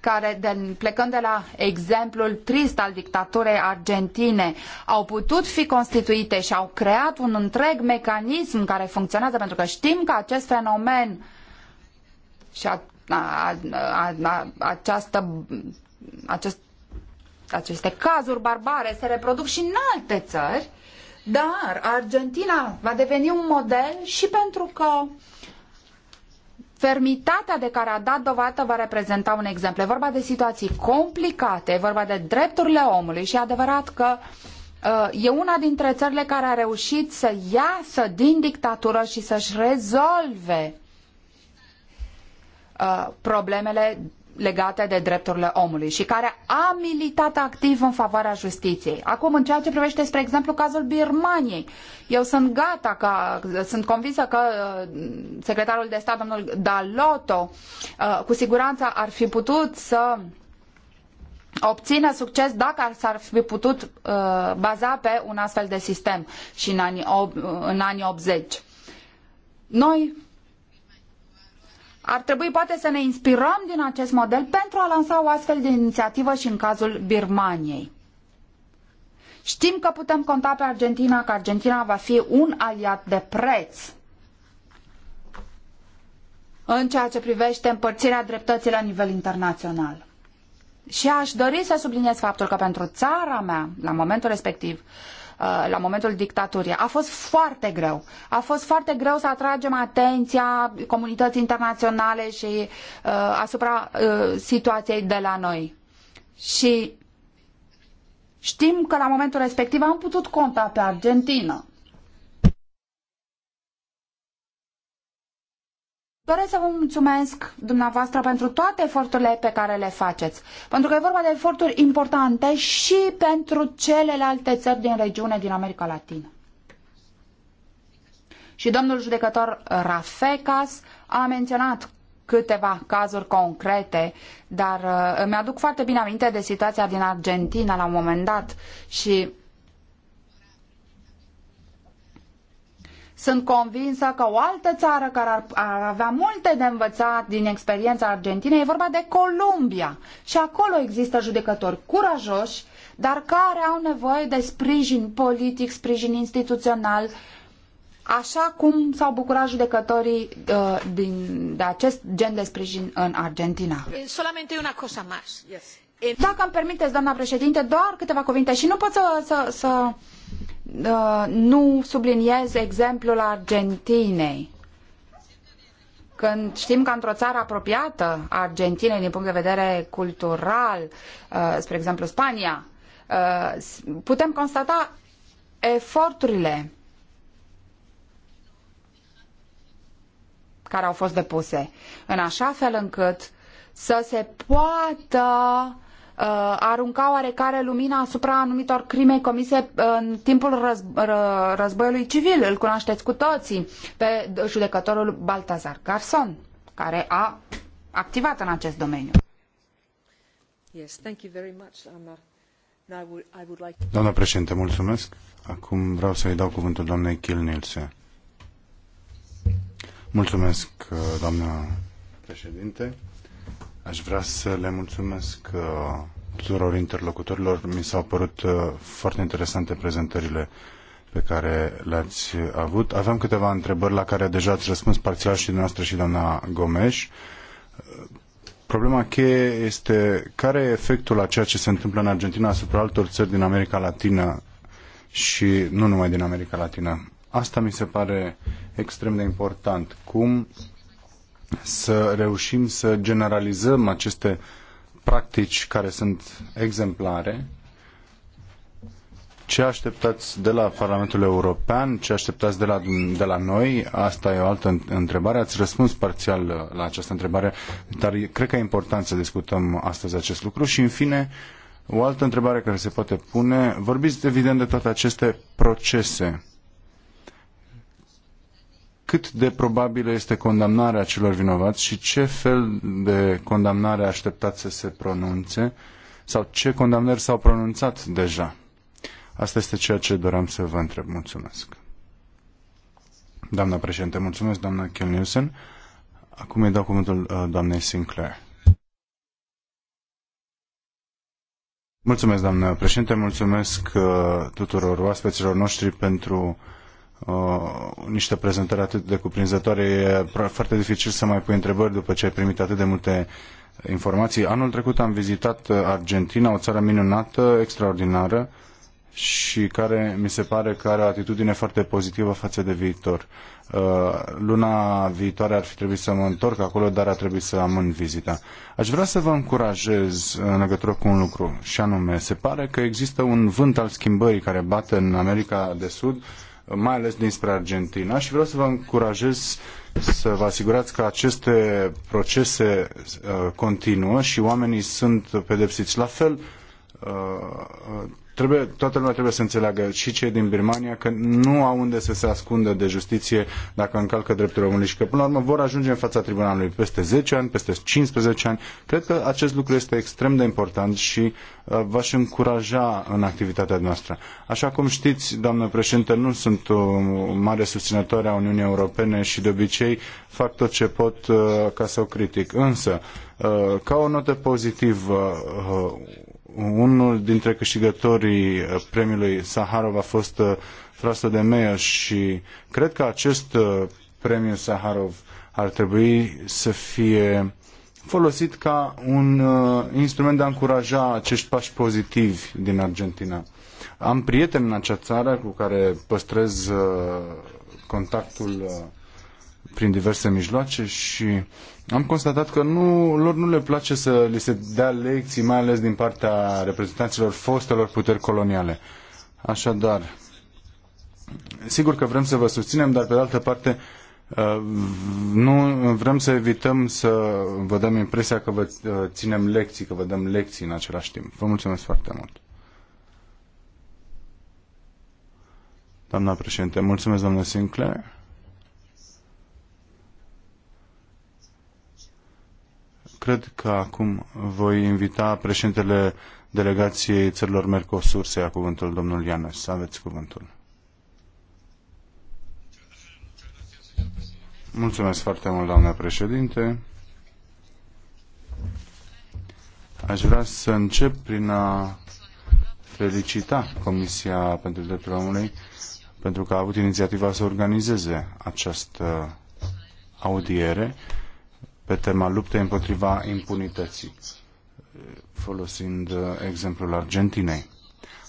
care, de, plecând de la exemplul trist al dictaturii argentine, au putut fi constituite și au creat un întreg mecanism care funcționează, pentru că știm că acest fenomen și a, a, a, această, acest, aceste cazuri barbare se reproduc și în alte țări, dar Argentina va deveni un model și pentru că fermitatea de care a dat dovadă va reprezenta un exemplu. E vorba de situații complicate, e vorba de drepturile omului și e adevărat că uh, e una dintre țările care a reușit să iasă din dictatură și să-și rezolve uh, problemele legate de drepturile omului și care a militat activ în favoarea justiției. Acum, în ceea ce privește, spre exemplu, cazul Birmaniei, eu sunt gata, că, sunt convinsă că uh, secretarul de stat, domnul Daloto, uh, cu siguranță ar fi putut să obține succes dacă s-ar fi putut uh, baza pe un astfel de sistem și în anii, în anii 80. Noi ar trebui poate să ne inspirăm din acest model pentru a lansa o astfel de inițiativă și în cazul Birmaniei. Știm că putem conta pe Argentina, că Argentina va fi un aliat de preț în ceea ce privește împărțirea dreptății la nivel internațional. Și aș dori să subliniez faptul că pentru țara mea, la momentul respectiv, uh, Uh, la momentul dictaturii. A fost foarte greu. A fost foarte greu să atragem atenția comunității internaționale și uh, asupra uh, situației de la noi. Și știm că la momentul respectiv am putut conta pe Argentina. Doresc să vă mulțumesc dumneavoastră pentru toate eforturile pe care le faceți, pentru că e vorba de eforturi importante și pentru celelalte țări din regiune din America Latină. Și domnul judecător Rafecas a menționat câteva cazuri concrete, dar uh, îmi aduc foarte bine aminte de situația din Argentina la un moment dat și Sunt convinsă că o altă țară care ar, ar avea multe de învățat din experiența Argentinei e vorba de Columbia. Și acolo există judecători curajoși, dar care au nevoie de sprijin politic, sprijin instituțional, așa cum s-au bucurat judecătorii uh, din, de acest gen de sprijin în Argentina. Eh, solamente una cosa más. Dacă îmi permiteți, doamna președinte, doar câteva cuvinte și nu pot să, să, să Uh, nu subliniez exemplul Argentinei. Când știm că într-o țară apropiată a Argentinei din punct de vedere cultural, uh, spre exemplu Spania, uh, putem constata eforturile care au fost depuse, în așa fel încât să se poată uh, uh, arunca oarecare lumină asupra anumitor crime comise uh, în timpul răz, ră, războiului civil. Îl cunoașteți cu toții pe judecătorul Baltazar Garson, care a activat în acest domeniu. Yes, thank you very much, Anna. Doamna președinte, mulțumesc. Acum vreau să-i dau cuvântul doamnei Kilnilse. Mulțumesc, uh, doamna președinte. Aș vrea să le mulțumesc uh, tuturor interlocutorilor. Mi s-au părut uh, foarte interesante prezentările pe care le-ați avut. Aveam câteva întrebări la care deja ați răspuns parțial și dumneavoastră și doamna Gomes. Problema cheie este care e efectul a ceea ce se întâmplă în Argentina asupra altor țări din America Latină și nu numai din America Latină. Asta mi se pare extrem de important. Cum să reușim să generalizăm aceste practici care sunt exemplare. Ce așteptați de la Parlamentul European? Ce așteptați de la, de la noi? Asta e o altă întrebare. Ați răspuns parțial la această întrebare, dar cred că e important să discutăm astăzi acest lucru. Și, în fine, o altă întrebare care se poate pune. Vorbiți, evident, de toate aceste procese cât de probabilă este condamnarea celor vinovați și ce fel de condamnare așteptați să se pronunțe sau ce condamnări s-au pronunțat deja. Asta este ceea ce doream să vă întreb. Mulțumesc. Doamna președinte, mulțumesc, doamna Kilniusen. Acum îi dau cuvântul uh, doamnei Sinclair. Mulțumesc, doamnă președinte, mulțumesc uh, tuturor oaspeților noștri pentru uh, niște prezentări atât de cuprinzătoare. E foarte dificil să mai pui întrebări după ce ai primit atât de multe informații. Anul trecut am vizitat uh, Argentina, o țară minunată, extraordinară și care mi se pare că are o atitudine foarte pozitivă față de viitor. Uh, luna viitoare ar fi trebuit să mă întorc acolo, dar ar trebui să amân vizita. Aș vrea să vă încurajez în legătură cu un lucru, și anume, se pare că există un vânt al schimbării care bate în America de Sud, mai ales dinspre Argentina și vreau să vă încurajez să vă asigurați că aceste procese uh, continuă și oamenii sunt pedepsiți la fel uh, trebuie, toată lumea trebuie să înțeleagă și cei din Birmania că nu au unde să se ascundă de justiție dacă încalcă drepturile omului și că până la urmă vor ajunge în fața tribunalului peste 10 ani, peste 15 ani. Cred că acest lucru este extrem de important și uh, v-aș încuraja în activitatea noastră. Așa cum știți, doamnă președinte, nu sunt o mare susținătoare a Uniunii Europene și de obicei fac tot ce pot uh, ca să o critic. Însă, uh, ca o notă pozitivă, uh, unul dintre câștigătorii premiului Saharov a fost uh, trasă de meia și cred că acest uh, premiu Saharov ar trebui să fie folosit ca un uh, instrument de a încuraja acești pași pozitivi din Argentina. Am prieteni în acea țară cu care păstrez contactul prin diverse mijloace și am constatat că nu, lor nu le place să li se dea lecții, mai ales din partea reprezentanților fostelor puteri coloniale. Așadar, sigur că vrem să vă susținem, dar pe de altă parte uh, nu vrem să evităm să vă dăm impresia că vă uh, ținem lecții, că vă dăm lecții în același timp. Vă mulțumesc foarte mult. Doamna președinte, mulțumesc, doamna Sinclair. Cred că acum voi invita președintele delegației țărilor Mercosur să ia cuvântul, domnul Ianes. Să aveți cuvântul. Mulțumesc foarte mult, doamna președinte. Aș vrea să încep prin a felicita Comisia pentru Drepturile Omului pentru că a avut inițiativa să organizeze această audiere pe tema luptei împotriva impunității, folosind uh, exemplul Argentinei.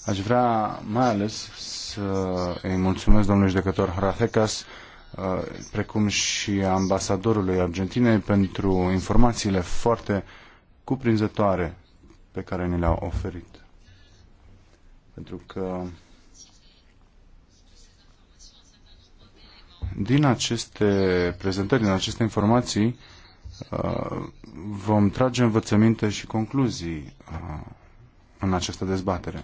Aș vrea mai ales să îi mulțumesc domnului judecător Harafecas, uh, precum și ambasadorului Argentinei pentru informațiile foarte cuprinzătoare pe care ni le-au oferit. Pentru că din aceste prezentări, din aceste informații, Uh, vom trage învățăminte și concluzii uh, în această dezbatere.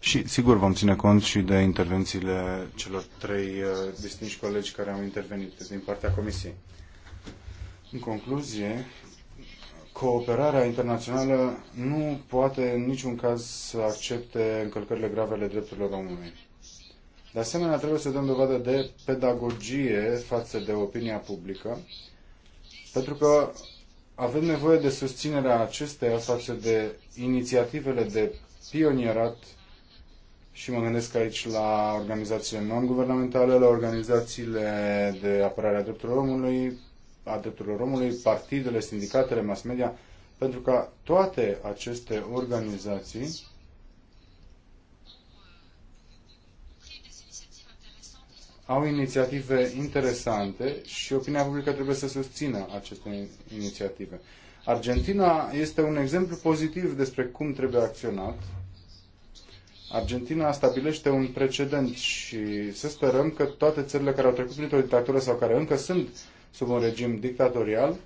Și, sigur, vom ține cont și de intervențiile celor trei uh, distinși colegi care au intervenit din partea Comisiei. În concluzie, cooperarea internațională nu poate în niciun caz să accepte încălcările grave ale drepturilor omului. De asemenea, trebuie să dăm dovadă de pedagogie față de opinia publică, pentru că avem nevoie de susținerea acesteia față de inițiativele de pionierat și mă gândesc aici la organizațiile non-guvernamentale, la organizațiile de apărare a drepturilor omului, a drepturilor omului, partidele, sindicatele, mass media, pentru ca toate aceste organizații au inițiative interesante și opinia publică trebuie să susțină aceste inițiative. Argentina este un exemplu pozitiv despre cum trebuie acționat. Argentina stabilește un precedent și să sperăm că toate țările care au trecut printr-o dictatură sau care încă sunt sub un regim dictatorial,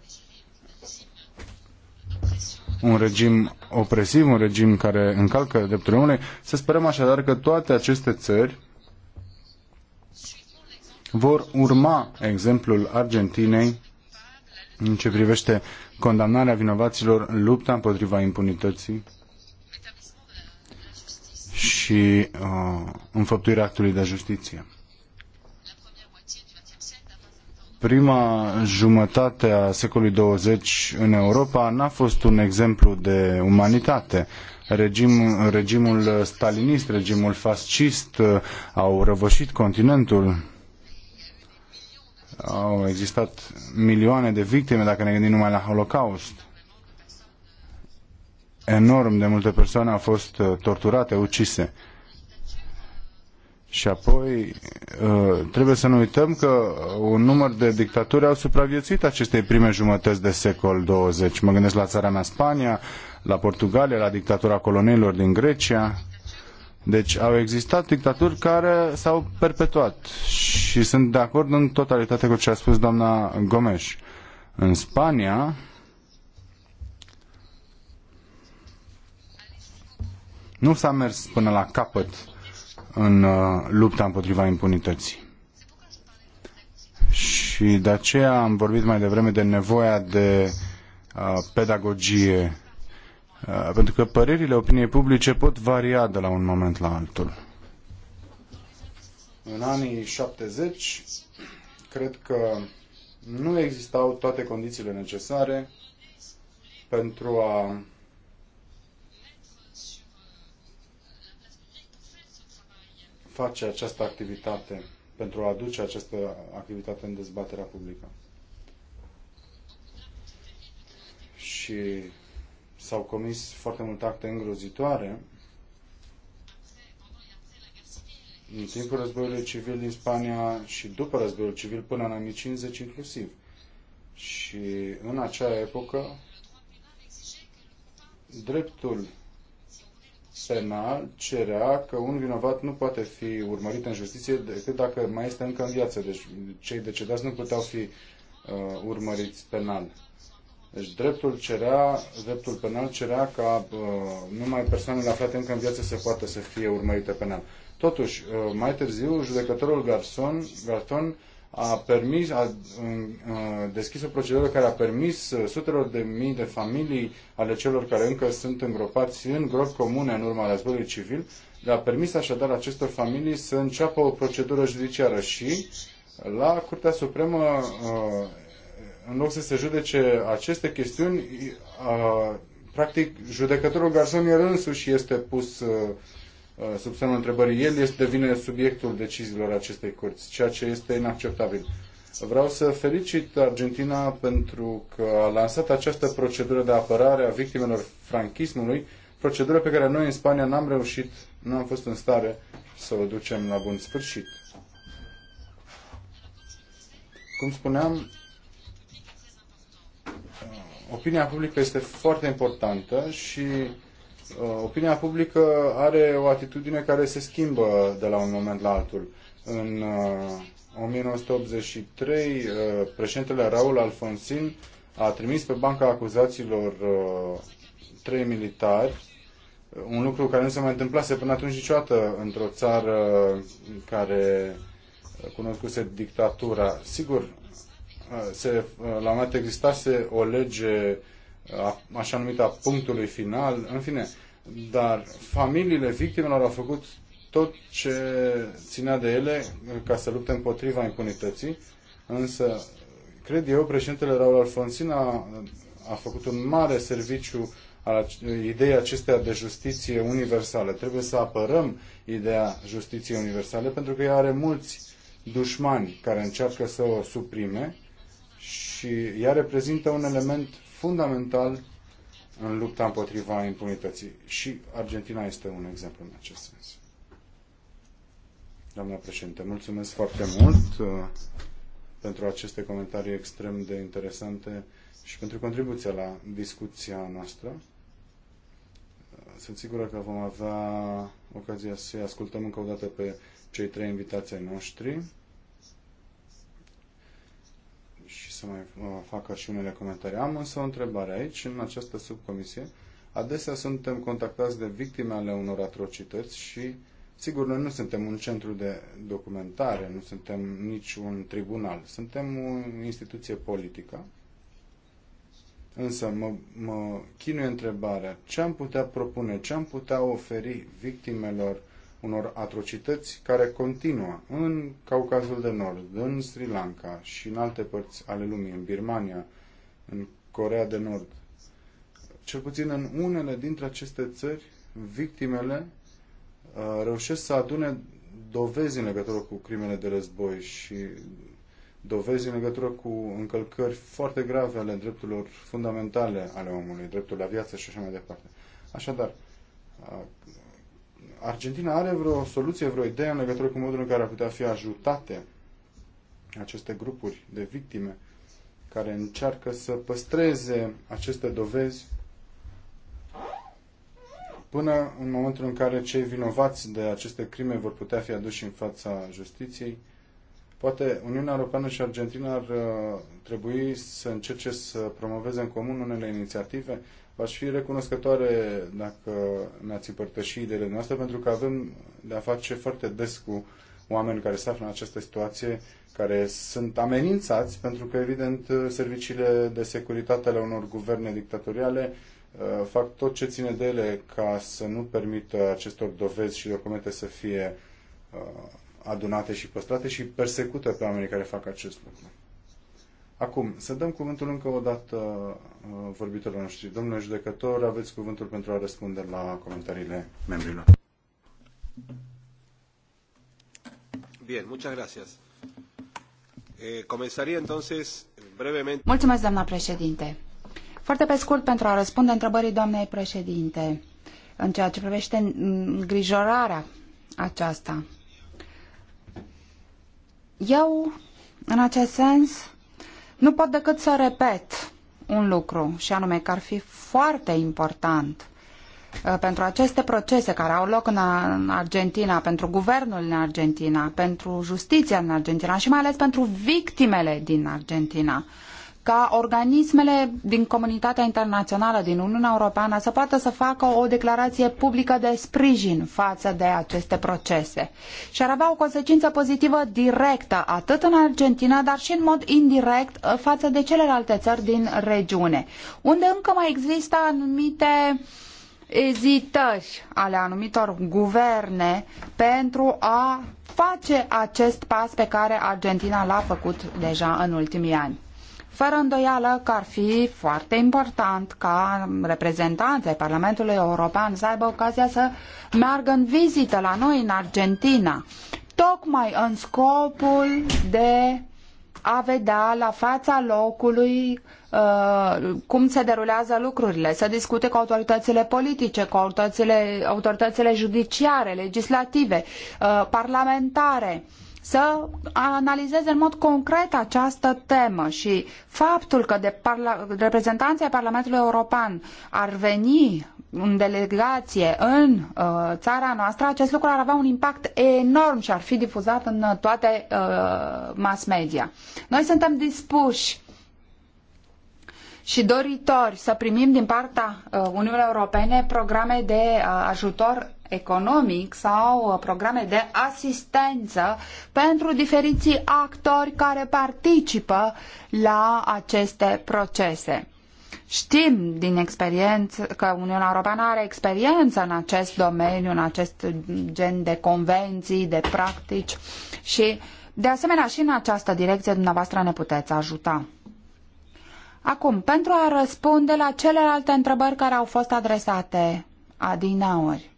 un regim opresiv, un regim care încalcă drepturile omului, să sperăm așadar că toate aceste țări vor urma exemplul Argentinei în ce privește condamnarea vinovaților, lupta împotriva impunității și uh, înfăptuirea actului de justiție. Prima jumătate a secolului 20 în Europa n-a fost un exemplu de umanitate. Regim, regimul stalinist, regimul fascist uh, au răvășit continentul au existat milioane de victime, dacă ne gândim numai la Holocaust. Enorm de multe persoane au fost uh, torturate, ucise. Și apoi uh, trebuie să nu uităm că un număr de dictaturi au supraviețuit acestei prime jumătăți de secol 20. Mă gândesc la țara mea Spania, la Portugalia, la dictatura coloniilor din Grecia, deci au existat dictaturi care s-au perpetuat și sunt de acord în totalitate cu ce a spus doamna Gomes. În Spania, nu s-a mers până la capăt în uh, lupta împotriva impunității. Și de aceea am vorbit mai devreme de nevoia de uh, pedagogie Uh, pentru că părerile opiniei publice pot varia de la un moment la altul. În anii 70, cred că nu existau toate condițiile necesare pentru a face această activitate, pentru a aduce această activitate în dezbaterea publică. Și s-au comis foarte multe acte îngrozitoare. În timpul războiului civil din Spania și după războiul civil până în anii 50 inclusiv. Și în acea epocă, dreptul penal cerea că un vinovat nu poate fi urmărit în justiție decât dacă mai este încă în viață. Deci cei decedați nu puteau fi uh, urmăriți penal. Deci dreptul cerea, dreptul penal cerea ca uh, numai persoanele aflate încă în viață se poată să fie urmărite penal. Totuși, uh, mai târziu, judecătorul Garson, Garton a, permis, a uh, deschis o procedură care a permis uh, sutelor de mii de familii ale celor care încă sunt îngropați în gropi comune în urma războiului civil, le-a permis așadar acestor familii să înceapă o procedură judiciară și la Curtea Supremă uh, în loc să se judece aceste chestiuni, practic judecătorul Garson el însuși este pus uh, uh, sub semnul întrebării. El este, devine subiectul deciziilor acestei curți, ceea ce este inacceptabil. Vreau să felicit Argentina pentru că a lansat această procedură de apărare a victimelor franchismului, procedură pe care noi în Spania n-am reușit, nu am fost în stare să o ducem la bun sfârșit. Cum spuneam, opinia publică este foarte importantă și uh, opinia publică are o atitudine care se schimbă de la un moment la altul. În 1983, uh, uh, președintele Raul Alfonsin a trimis pe banca acuzațiilor trei militari, un lucru care nu se mai întâmplase până atunci niciodată într-o țară care cunoscuse dictatura. Sigur, se, la un moment existase o lege a, așa numită a punctului final, în fine, dar familiile victimelor au făcut tot ce ținea de ele ca să lupte împotriva impunității, însă, cred eu, președintele Raul Alfonsin a, a făcut un mare serviciu a ideea acesteia de justiție universală. Trebuie să apărăm ideea justiției universale pentru că ea are mulți dușmani care încearcă să o suprime și ea reprezintă un element fundamental în lupta împotriva impunității. Și Argentina este un exemplu în acest sens. Doamna președinte, mulțumesc foarte mult uh, pentru aceste comentarii extrem de interesante și pentru contribuția la discuția noastră. Uh, sunt sigură că vom avea ocazia să ascultăm încă o dată pe cei trei invitații noștri și să mai facă și unele comentarii. Am însă o întrebare aici, în această subcomisie. Adesea suntem contactați de victime ale unor atrocități și, sigur, noi nu suntem un centru de documentare, nu suntem nici un tribunal, suntem o instituție politică. Însă mă, mă chinuie întrebarea, ce am putea propune, ce am putea oferi victimelor unor atrocități care continuă în Caucazul de Nord, în Sri Lanka și în alte părți ale lumii, în Birmania, în Corea de Nord. Cel puțin în unele dintre aceste țări, victimele uh, reușesc să adune dovezi în legătură cu crimele de război și dovezi în legătură cu încălcări foarte grave ale drepturilor fundamentale ale omului, dreptul la viață și așa mai departe. Așadar, uh, Argentina are vreo soluție, vreo idee în legătură cu modul în care ar putea fi ajutate aceste grupuri de victime care încearcă să păstreze aceste dovezi până în momentul în care cei vinovați de aceste crime vor putea fi aduși în fața justiției. Poate Uniunea Europeană și Argentina ar uh, trebui să încerce să promoveze în comun unele inițiative Aș fi recunoscătoare dacă ne-ați împărtăși ideile noastre, pentru că avem de a face foarte des cu oameni care se află în această situație, care sunt amenințați, pentru că, evident, serviciile de securitate ale unor guverne dictatoriale uh, fac tot ce ține de ele ca să nu permită acestor dovezi și documente să fie uh, adunate și păstrate și persecută pe oamenii care fac acest lucru. Acum, să dăm cuvântul încă o dată uh, vorbitorilor noștri. Domnule judecător, aveți cuvântul pentru a răspunde la comentariile membrilor. Bine, muchas gracias. Eh, comenzaría entonces brevemente. Mulțumesc, doamna președinte. Foarte pe scurt pentru a răspunde întrebării doamnei președinte în ceea ce privește îngrijorarea aceasta. Eu, în acest sens, nu pot decât să repet un lucru, și anume că ar fi foarte important uh, pentru aceste procese care au loc în Argentina, pentru guvernul în Argentina, pentru justiția în Argentina și mai ales pentru victimele din Argentina ca organismele din comunitatea internațională, din Uniunea Europeană, să poată să facă o declarație publică de sprijin față de aceste procese. Și ar avea o consecință pozitivă directă, atât în Argentina, dar și în mod indirect uh, față de celelalte țări din regiune, unde încă mai există anumite ezitări ale anumitor guverne pentru a face acest pas pe care Argentina l-a făcut deja în ultimii ani. Fără îndoială că ar fi foarte important ca reprezentanții Parlamentului European să aibă ocazia să meargă în vizită la noi în Argentina, tocmai în scopul de a vedea la fața locului uh, cum se derulează lucrurile, să discute cu autoritățile politice, cu autoritățile, autoritățile judiciare, legislative, uh, parlamentare. Uh, să analizeze în mod concret această temă și faptul că de parla- reprezentanții Parlamentului European ar veni în delegație în uh, țara noastră, acest lucru ar avea un impact enorm și ar fi difuzat în toate uh, mass media. Noi suntem dispuși și doritori să primim din partea uh, Uniunii Europene programe de uh, ajutor economic sau uh, programe de asistență pentru diferiții actori care participă la aceste procese. Știm din experiență că Uniunea Europeană are experiență în acest domeniu, în acest gen de convenții, de practici și, de asemenea, și în această direcție dumneavoastră ne puteți ajuta. Acum, pentru a răspunde la celelalte întrebări care au fost adresate adinauri.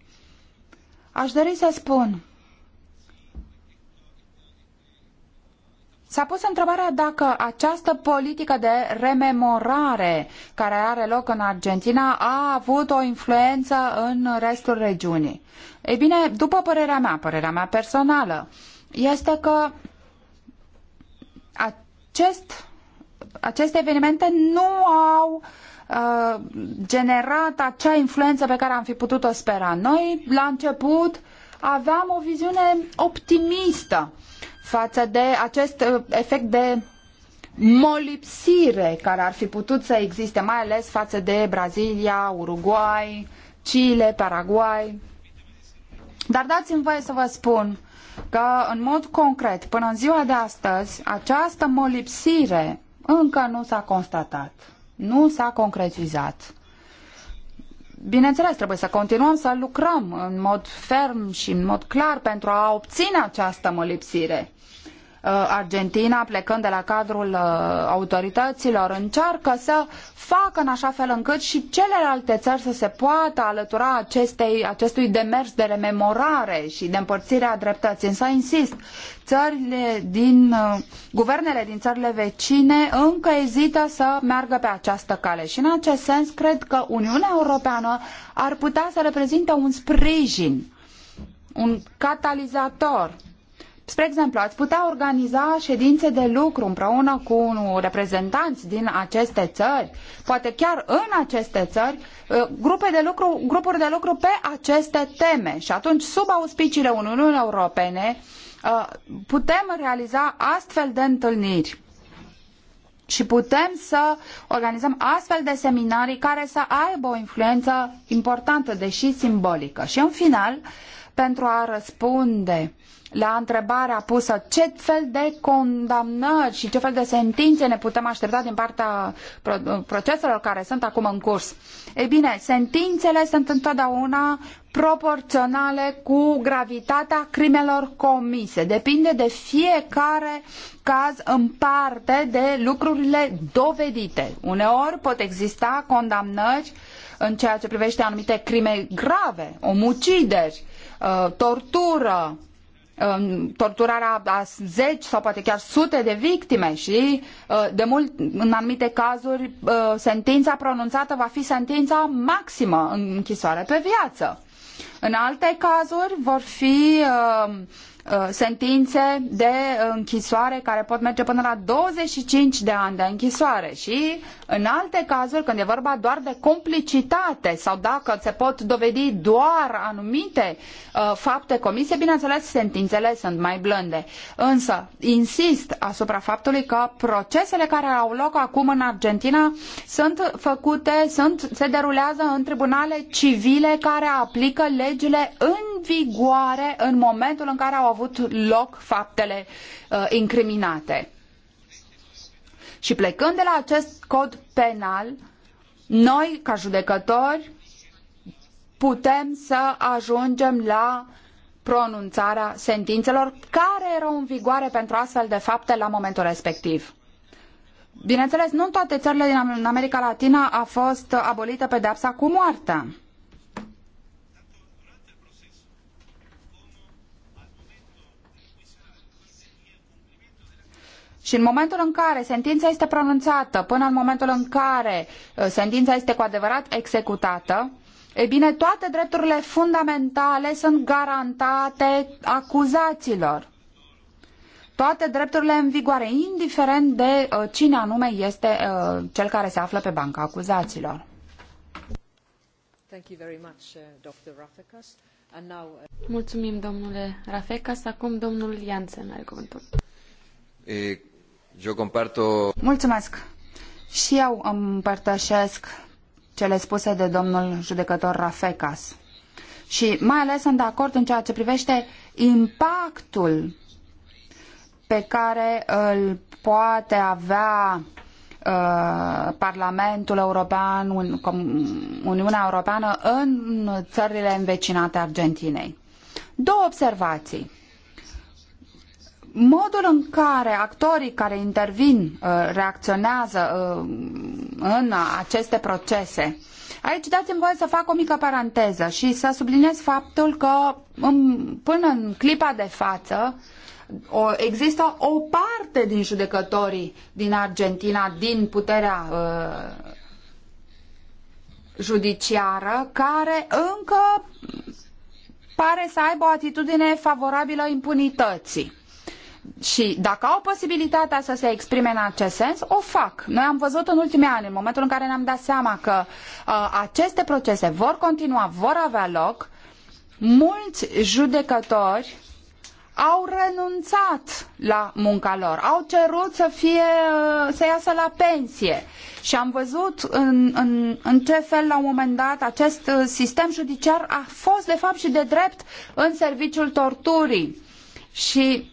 Aș dori să spun S-a pus întrebarea dacă această politică de rememorare care are loc în Argentina a avut o influență în restul regiunii. Ei bine, după părerea mea, părerea mea personală, este că acest, aceste evenimente nu au uh, Uh, generat acea influență pe care am fi putut-o spera. Noi, la început, aveam o viziune optimistă față de acest uh, efect de molipsire care ar fi putut să existe, mai ales față de Brazilia, Uruguay, Chile, Paraguay. Dar dați-mi voie să vă spun că, în mod concret, până în ziua de astăzi, această molipsire încă nu s-a constatat nu s-a concretizat. Bineînțeles, trebuie să continuăm să lucrăm în mod ferm și în mod clar pentru a obține această mălipsire. Uh, Argentina, plecând de la cadrul uh, autorităților, încearcă să facă în așa fel încât și celelalte țări să se poată alătura acestei, acestui demers de rememorare și de împărțire a dreptății. Însă, insist, țările din, uh, guvernele din țările vecine încă ezită să meargă pe această cale și în acest sens cred că Uniunea Europeană ar putea să reprezinte un sprijin, un catalizator Spre exemplu, ați putea organiza ședințe de lucru împreună cu reprezentanți din aceste țări, poate chiar în aceste țări, ă, grupe de lucru, grupuri de lucru pe aceste teme și atunci sub auspiciile Uniunii Europene ă, putem realiza astfel de întâlniri și putem să organizăm astfel de seminarii care să aibă o influență importantă, deși simbolică. Și în final, pentru a răspunde la întrebarea pusă ce fel de condamnări și ce fel de sentințe ne putem aștepta din partea proceselor care sunt acum în curs. Ei bine, sentințele sunt întotdeauna proporționale cu gravitatea crimelor comise. Depinde de fiecare caz în parte de lucrurile dovedite. Uneori pot exista condamnări în ceea ce privește anumite crime grave, omucideri, uh, tortură, Um, torturarea a zeci sau poate chiar sute de victime și uh, de mult, în anumite cazuri uh, sentința pronunțată va fi sentința maximă închisoare pe viață. În alte cazuri vor fi uh, Uh, sentințe de închisoare care pot merge până la 25 de ani de închisoare și în alte cazuri când e vorba doar de complicitate sau dacă se pot dovedi doar anumite uh, fapte comise, bineînțeles sentințele sunt mai blânde. Însă insist asupra faptului că procesele care au loc acum în Argentina sunt făcute, sunt, se derulează în tribunale civile care aplică legile în vigoare în momentul în care au avut loc faptele uh, incriminate. Și plecând de la acest cod penal, noi, ca judecători, putem să ajungem la pronunțarea sentințelor care erau în vigoare pentru astfel de fapte la momentul respectiv. Bineînțeles, nu în toate țările din America Latina a fost abolită pedeapsa cu moartea. Și în momentul în care sentința este pronunțată, până în momentul în care uh, sentința este cu adevărat executată, e bine, toate drepturile fundamentale sunt garantate acuzaților. Toate drepturile în vigoare, indiferent de uh, cine anume este uh, cel care se află pe banca acuzaților. Mulțumim, domnule Rafecas. Acum domnul Jansen are cuvântul. Eu comparto... Mulțumesc. Și eu împărtășesc cele spuse de domnul judecător Rafecas. Și mai ales sunt de acord în ceea ce privește impactul pe care îl poate avea uh, Parlamentul European, Uniunea Europeană în țările învecinate Argentinei. Două observații modul în care actorii care intervin uh, reacționează uh, în aceste procese. Aici dați-mi voie să fac o mică paranteză și să subliniez faptul că până în clipa de față o, există o parte din judecătorii din Argentina, din puterea uh, judiciară, care încă pare să aibă o atitudine favorabilă impunității și dacă au posibilitatea să se exprime în acest sens, o fac. Noi am văzut în ultimii ani, în momentul în care ne-am dat seama că uh, aceste procese vor continua, vor avea loc, mulți judecători au renunțat la munca lor, au cerut să fie, uh, să iasă la pensie și am văzut în, în, în ce fel la un moment dat acest uh, sistem judiciar a fost de fapt și de drept în serviciul torturii și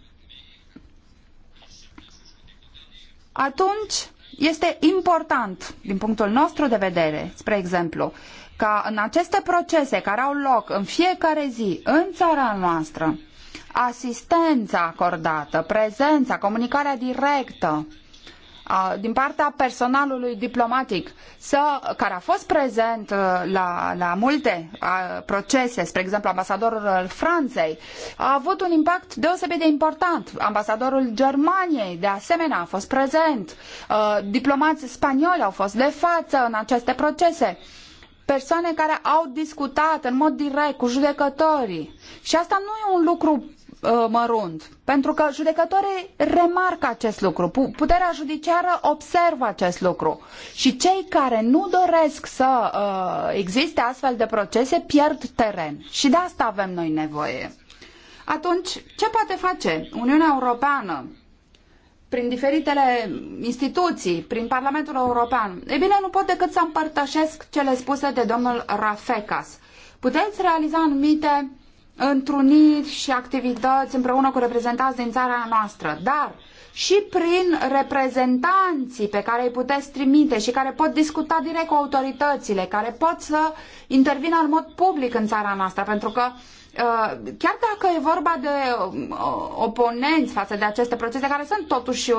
atunci este important, din punctul nostru de vedere, spre exemplu, ca în aceste procese care au loc în fiecare zi în țara noastră, asistența acordată, prezența, comunicarea directă, din partea personalului diplomatic să, care a fost prezent uh, la, la multe uh, procese, spre exemplu ambasadorul uh, Franței, a avut un impact deosebit de important. Ambasadorul Germaniei, de asemenea, a fost prezent. Diplomați spanioli au fost de față în aceste procese persoane care au discutat în mod direct cu judecătorii. Și asta nu e un lucru Uh, mărunt. Pentru că judecătorii remarcă acest lucru, puterea judiciară observă acest lucru și cei care nu doresc să uh, existe astfel de procese pierd teren și de asta avem noi nevoie. Atunci, ce poate face Uniunea Europeană prin diferitele instituții, prin Parlamentul European? Ei bine, nu pot decât să împărtășesc cele spuse de domnul Rafecas. Puteți realiza anumite întruniri și activități împreună cu reprezentanți din țara noastră, dar și prin reprezentanții pe care îi puteți trimite și care pot discuta direct cu autoritățile, care pot să intervină în mod public în țara noastră, pentru că uh, chiar dacă e vorba de uh, uh, oponenți față de aceste procese, care sunt totuși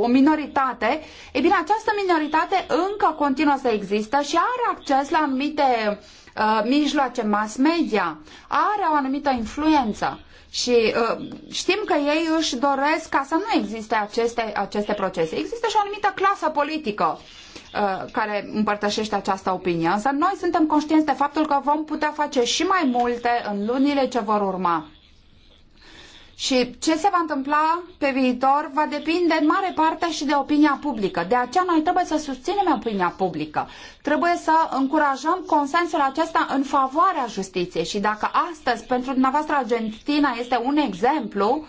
o minoritate, e bine, această minoritate încă continuă să existe și are acces la anumite Uh, mijloace mass media are o anumită influență și uh, știm că ei își doresc ca să nu existe aceste, aceste procese. Există și o anumită clasă politică uh, care împărtășește această opinie, însă noi suntem conștienți de faptul că vom putea face și mai multe în lunile ce vor urma. Și ce se va întâmpla pe viitor va depinde în mare parte și de opinia publică. De aceea noi trebuie să susținem opinia publică. Trebuie să încurajăm consensul acesta în favoarea justiției. Și dacă astăzi pentru dumneavoastră Argentina este un exemplu,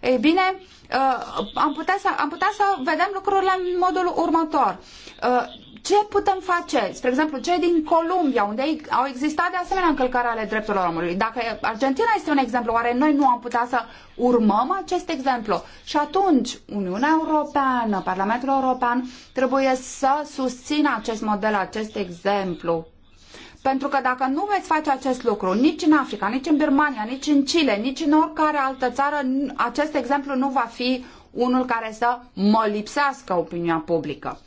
ei bine, uh, am putea să, am putea să vedem lucrurile în modul următor uh, ce putem face? Spre exemplu, cei din Columbia, unde au existat de asemenea încălcări ale drepturilor omului. Dacă Argentina este un exemplu, oare noi nu am putea să urmăm acest exemplu? Și atunci, Uniunea Europeană, Parlamentul European, trebuie să susțină acest model, acest exemplu. Pentru că dacă nu veți face acest lucru, nici în Africa, nici în Birmania, nici în Chile, nici în oricare altă țară, acest exemplu nu va fi unul care să mă lipsească opinia publică.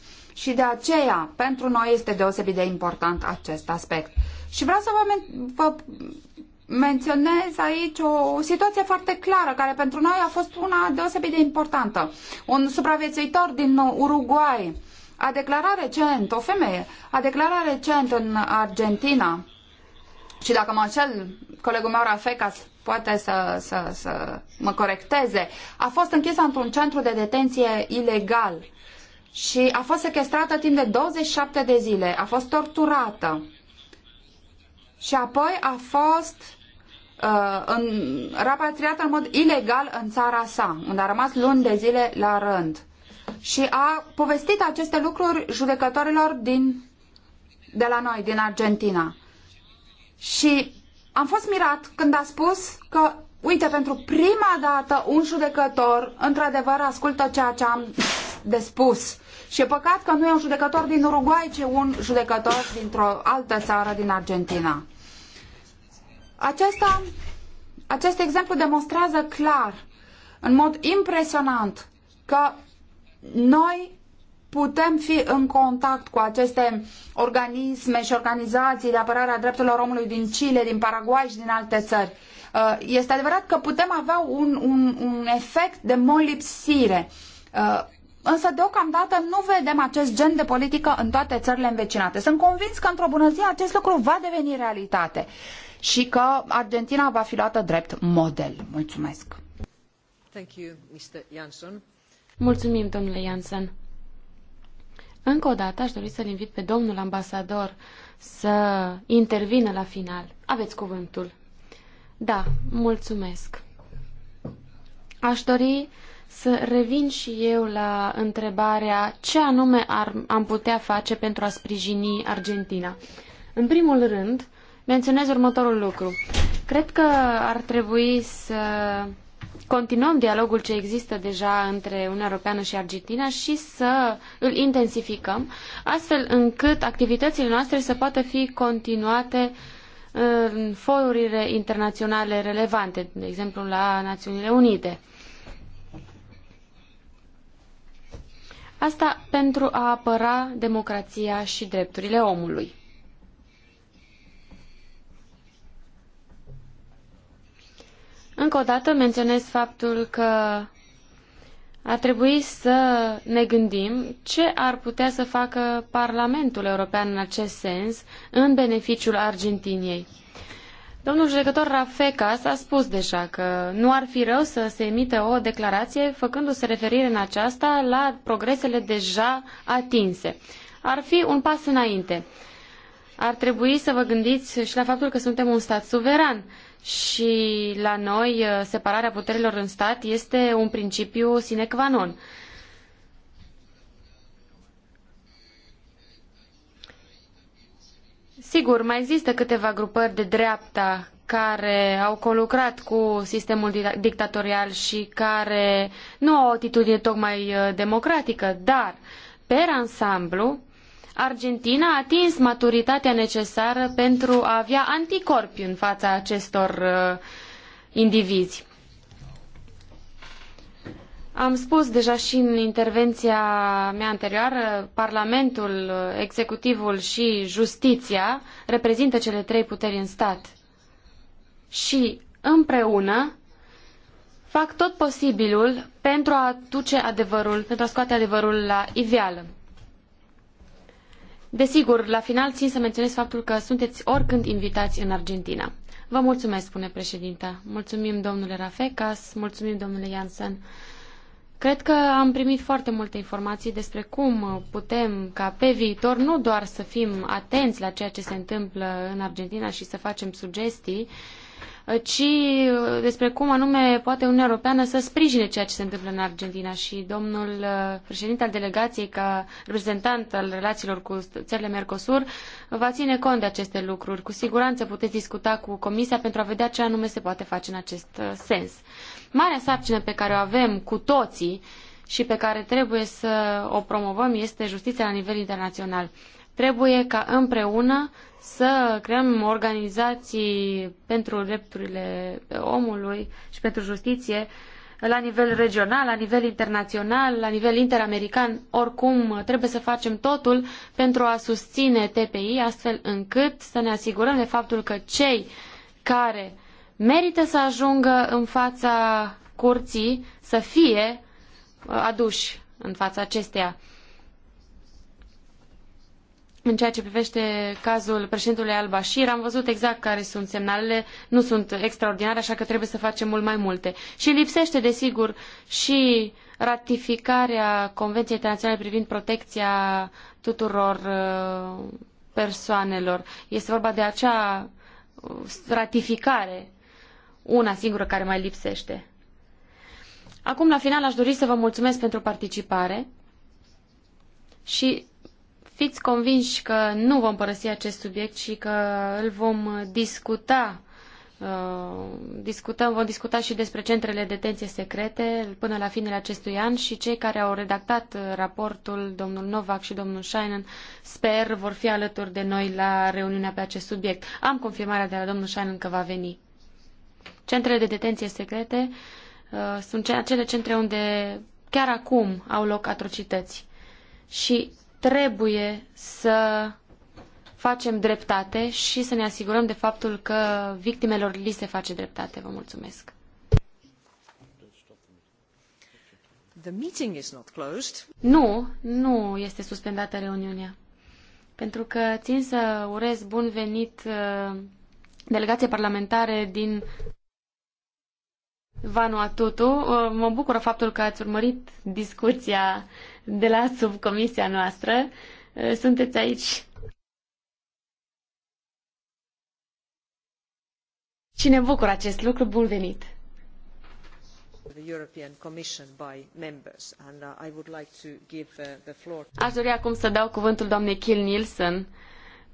Și de aceea, pentru noi este deosebit de important acest aspect. Și vreau să vă, men- vă menționez aici o situație foarte clară, care pentru noi a fost una deosebit de importantă. Un supraviețuitor din Uruguay a declarat recent, o femeie, a declarat recent în Argentina, și dacă mă înșel, colegul meu Rafecas poate să, să, să mă corecteze, a fost închisă într-un centru de detenție ilegal și a fost sequestrată timp de 27 de zile, a fost torturată și apoi a fost uh, în, rapatriată în mod ilegal în țara sa, unde a rămas luni de zile la rând. Și a povestit aceste lucruri judecătorilor din, de la noi, din Argentina. Și am fost mirat când a spus că, uite, pentru prima dată un judecător într-adevăr ascultă ceea ce am de spus și e păcat că nu e un judecător din Uruguay, ci un judecător dintr-o altă țară din Argentina. Acesta, acest exemplu demonstrează clar, în mod impresionant, că noi putem fi în contact cu aceste organisme și organizații de apărare a drepturilor omului din Chile, din Paraguay și din alte țări. Uh, este adevărat că putem avea un, un, un efect de molipsire. Uh, Însă, deocamdată, nu vedem acest gen de politică în toate țările învecinate. Sunt convins că, într-o bună zi, acest lucru va deveni realitate și că Argentina va fi luată drept model. Mulțumesc! Thank you, Mr. Jansson. Mulțumim, domnule Janssen. Încă o dată aș dori să-l invit pe domnul ambasador să intervină la final. Aveți cuvântul. Da, mulțumesc. Aș dori să revin și eu la întrebarea ce anume ar, am putea face pentru a sprijini Argentina. În primul rând, menționez următorul lucru. Cred că ar trebui să continuăm dialogul ce există deja între Uniunea Europeană și Argentina și să îl intensificăm, astfel încât activitățile noastre să poată fi continuate uh, în forurile internaționale relevante, de exemplu la Națiunile Unite. Asta pentru a apăra democrația și drepturile omului. Încă o dată menționez faptul că ar trebui să ne gândim ce ar putea să facă Parlamentul European în acest sens, în beneficiul Argentiniei. Domnul judecător Rafecas a spus deja că nu ar fi rău să se emite o declarație făcându-se referire în aceasta la progresele deja atinse. Ar fi un pas înainte. Ar trebui să vă gândiți și la faptul că suntem un stat suveran și la noi uh, separarea puterilor în stat este un principiu sine qua non. Sigur, mai există câteva grupări de dreapta care au colucrat cu sistemul dictatorial și care nu au o atitudine tocmai uh, democratică, dar, pe ansamblu, Argentina a atins maturitatea necesară pentru a avea anticorpi în fața acestor uh, indivizi. Am spus deja și în intervenția mea anterioară, Parlamentul, Executivul și Justiția reprezintă cele trei puteri în stat. Și împreună fac tot posibilul pentru a duce adevărul, pentru a scoate adevărul la iveală. Desigur, la final țin să menționez faptul că sunteți oricând invitați în Argentina. Vă mulțumesc, spune președinta. Mulțumim domnule Rafecas, mulțumim domnule Jansen. Cred că am primit foarte multe informații despre cum putem ca pe viitor nu doar să fim atenți la ceea ce se întâmplă în Argentina și să facem sugestii, ci uh, despre cum anume poate Uniunea Europeană să sprijine ceea ce se întâmplă în Argentina. Și domnul uh, președinte al delegației, ca reprezentant al relațiilor cu țările Mercosur, uh, va ține cont de aceste lucruri. Cu siguranță puteți discuta cu Comisia pentru a vedea ce anume se poate face în acest sens. Marea sarcină pe care o avem cu toții și pe care trebuie să o promovăm este justiția la nivel internațional. Trebuie ca împreună să creăm organizații pentru drepturile omului și pentru justiție la nivel regional, la nivel internațional, la nivel interamerican. Oricum, trebuie să facem totul pentru a susține TPI astfel încât să ne asigurăm de faptul că cei care merită să ajungă în fața curții, să fie uh, aduși în fața acesteia. În ceea ce privește cazul președintelui Al-Bashir, am văzut exact care sunt semnalele, nu sunt extraordinare, așa că trebuie să facem mult mai multe. Și lipsește, desigur, și ratificarea Convenției Internaționale privind protecția tuturor uh, persoanelor. Este vorba de acea uh, ratificare una singură care mai lipsește. Acum, la final, aș dori să vă mulțumesc pentru participare și fiți convinși că nu vom părăsi acest subiect și că îl vom discuta uh, discutăm, vom discuta și despre centrele de detenție secrete până la finele acestui an și cei care au redactat uh, raportul, domnul Novak și domnul Shainan, sper vor fi alături de noi la reuniunea pe acest subiect. Am confirmarea de la domnul Shainan că va veni. Centrele de detenție secrete uh, sunt acele centre unde chiar acum au loc atrocități și trebuie să facem dreptate și să ne asigurăm de faptul că victimelor li se face dreptate. Vă mulțumesc. The meeting is not closed. Nu, nu este suspendată reuniunea. Pentru că țin să urez bun venit uh, delegație parlamentare din Vanuatutu. Uh, mă bucură faptul că ați urmărit discuția de la subcomisia noastră. Uh, sunteți aici și ne bucură acest lucru. Bun venit! Uh, Aș dori acum să dau cuvântul doamnei Kill Nielsen,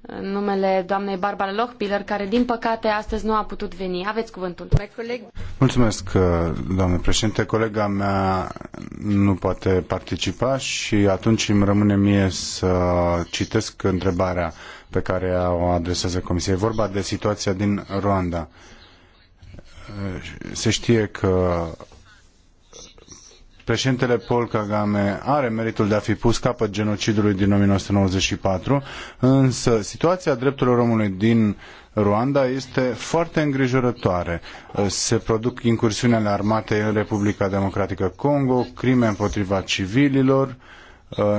în numele doamnei Barbara Lochbiller, care din păcate astăzi nu a putut veni. Aveți cuvântul. Mulțumesc, uh, doamne președinte. Colega mea nu poate participa și atunci îmi rămâne mie să citesc întrebarea pe care o adresează Comisia. E vorba de situația din Rwanda. Uh, se știe că Președintele Paul Kagame are meritul de a fi pus capăt genocidului din 1994, însă situația drepturilor omului din Rwanda este foarte îngrijorătoare. Se produc incursiuni ale armatei în Republica Democratică Congo, crime împotriva civililor,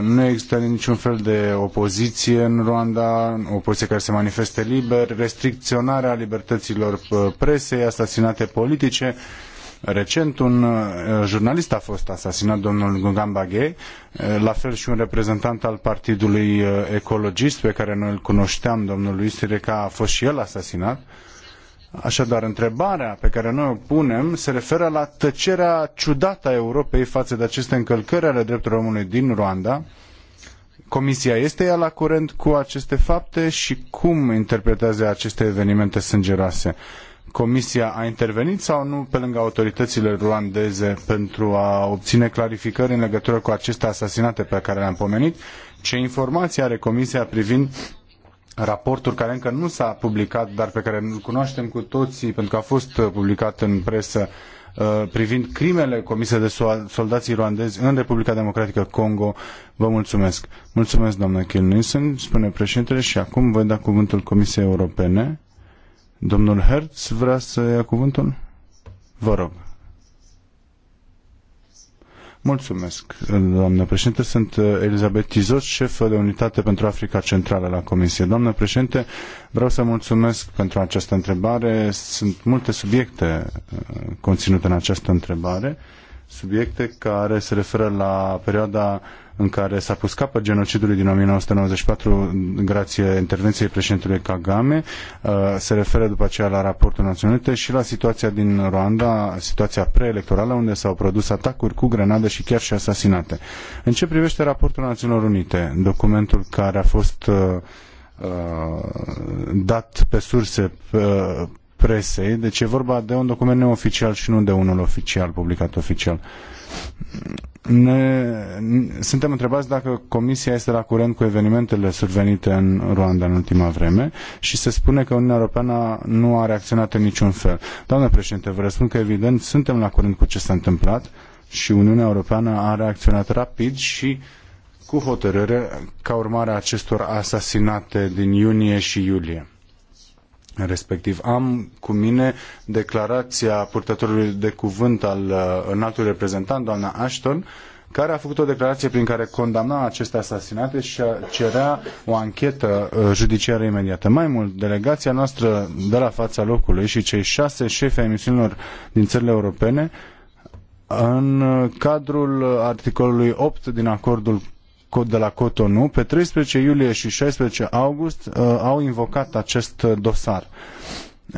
nu există niciun fel de opoziție în Rwanda, opoziție care se manifeste liber, restricționarea libertăților uh, presei, asasinate politice, Recent un uh, jurnalist a fost asasinat, domnul Gungan uh, la fel și un reprezentant al Partidului uh, Ecologist pe care noi îl cunoșteam, domnul Luis Sireca, a fost și el asasinat. Așadar, întrebarea pe care noi o punem se referă la tăcerea ciudată a Europei față de aceste încălcări ale drepturilor omului din Rwanda. Comisia este ea la curent cu aceste fapte și cum interpretează aceste evenimente sângeroase? Comisia a intervenit sau nu pe lângă autoritățile ruandeze pentru a obține clarificări în legătură cu aceste asasinate pe care le-am pomenit? Ce informații are Comisia privind raportul care încă nu s-a publicat, dar pe care îl cunoaștem cu toții, pentru că a fost uh, publicat în presă, uh, privind crimele comise de soldații ruandezi în Republica Democratică Congo. Vă mulțumesc. Mulțumesc, doamna Kilnison, spune președintele, și acum voi da cuvântul Comisiei Europene. Domnul Hertz vrea să ia cuvântul? Vă rog. Mulțumesc, doamnă președinte. Sunt uh, Elizabeth Tizos, șefă de unitate pentru Africa Centrală la Comisie. Doamnă președinte, vreau să mulțumesc pentru această întrebare. Sunt multe subiecte uh, conținute în această întrebare, subiecte care se referă la perioada în care s-a pus capăt genocidului din 1994 grație intervenției președintelui Kagame. Uh, se referă după aceea la raportul Națiunilor Unite și la situația din Rwanda, situația preelectorală, unde s-au produs atacuri cu grenade și chiar și asasinate. În ce privește raportul Națiunilor Unite, documentul care a fost uh, uh, dat pe surse presei, deci e vorba de un document neoficial și nu de unul oficial, publicat oficial. Uh, ne, suntem întrebați dacă Comisia este la curent cu evenimentele survenite în Rwanda în ultima vreme și se spune că Uniunea Europeană nu a reacționat în niciun fel. Doamne președinte, vă răspund că evident suntem la curent cu ce s-a întâmplat și Uniunea Europeană a reacționat rapid și cu hotărâre ca urmare a acestor asasinate din iunie și iulie respectiv. Am cu mine declarația purtătorului de cuvânt al uh, înaltului reprezentant, doamna Ashton, care a făcut o declarație prin care condamna aceste asasinate și cerea o anchetă uh, judiciară imediată. Mai mult, delegația noastră de la fața locului și cei șase șefi ai misiunilor din țările europene în uh, cadrul articolului 8 din acordul de la Cotonou, pe 13 iulie și 16 august uh, au invocat acest uh, dosar.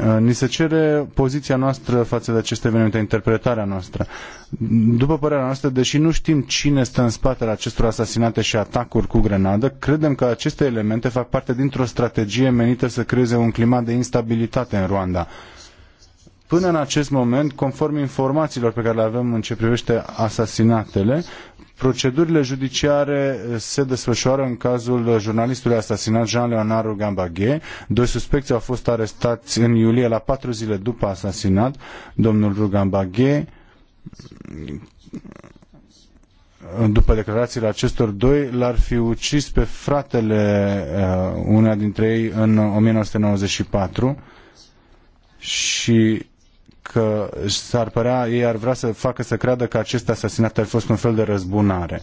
Uh, ni se cere poziția noastră față de aceste evenimente, interpretarea noastră. După părerea noastră, deși nu știm cine stă în spatele acestor asasinate și atacuri cu grenadă, credem că aceste elemente fac parte dintr-o strategie menită să creeze un climat de instabilitate în Rwanda. Până în acest moment, conform informațiilor pe care le avem în ce privește asasinatele, Procedurile judiciare eh, se desfășoară în cazul eh, jurnalistului asasinat Jean-Leonard Gambaghe. Doi suspecți au fost arestați în iulie, la patru zile după asasinat, domnul Rugambaghe mm, după declarațiile acestor doi, l-ar fi ucis pe fratele uh, una dintre ei în 1994 și că s-ar părea, ei ar vrea să facă să creadă că acest asasinat ar fost un fel de răzbunare.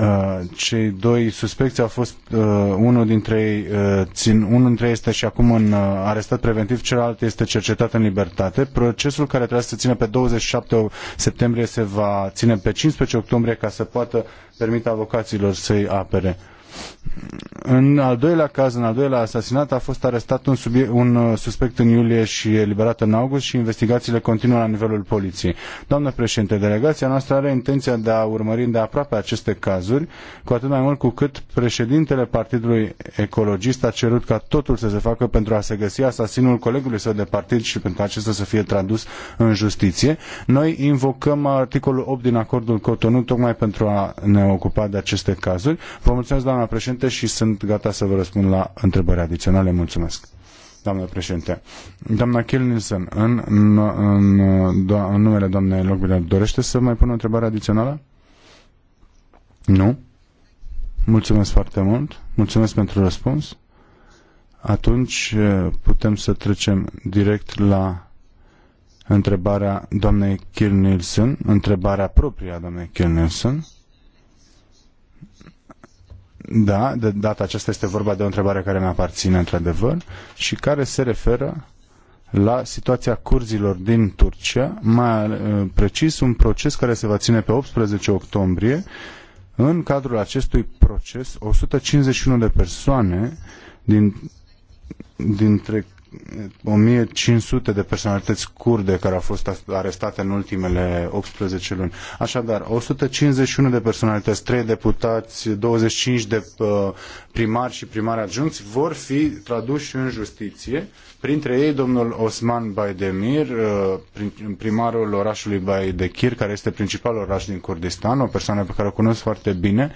Uh, cei doi suspecți au fost uh, unul dintre ei uh, țin, unul dintre ei este și acum în arestat preventiv, celălalt este cercetat în libertate. Procesul care trebuie să se țină pe 27 septembrie se va ține pe 15 octombrie ca să poată permite avocaților să-i apere. Uh, în al doilea caz, în al doilea asasinat, a fost arestat un, subiect, un uh, suspect în iulie și eliberat în august și investigațiile continuă la nivelul poliției. Doamnă președinte, delegația noastră are intenția de a urmări de aproape aceste cazuri, cu atât mai mult cu cât președintele Partidului Ecologist a cerut ca totul să se facă pentru a se găsi asasinul colegului său de partid și pentru acesta să fie tradus în justiție. Noi invocăm articolul 8 din acordul Cotonou tocmai pentru a ne ocupa de aceste cazuri. Vă mulțumesc, doamnă doamna președinte, și sunt gata să vă răspund la întrebări adiționale. Mulțumesc. Doamnă președinte, doamna Kilnison, în, în, în, do, în numele doamnei Logbiller, dorește să mai pună o întrebare adițională? Nu? Mulțumesc foarte mult. Mulțumesc pentru răspuns. Atunci eh, putem să trecem direct la întrebarea doamnei Kilnison, întrebarea proprie a doamnei Kilnison. Da, de data aceasta este vorba de o întrebare care mi aparține într-adevăr și care se referă la situația curzilor din Turcia, mai uh, precis un proces care se va ține pe 18 octombrie. În cadrul acestui proces, 151 de persoane din, dintre 1500 de personalități curde care au fost arestate în ultimele 18 luni. Așadar, 151 de personalități, 3 deputați, 25 de uh, primari și primari adjuncți vor fi traduși în justiție. Printre ei, domnul Osman Baydemir, uh, primarul orașului Baydekir, care este principalul oraș din Kurdistan, o persoană pe care o cunosc foarte bine,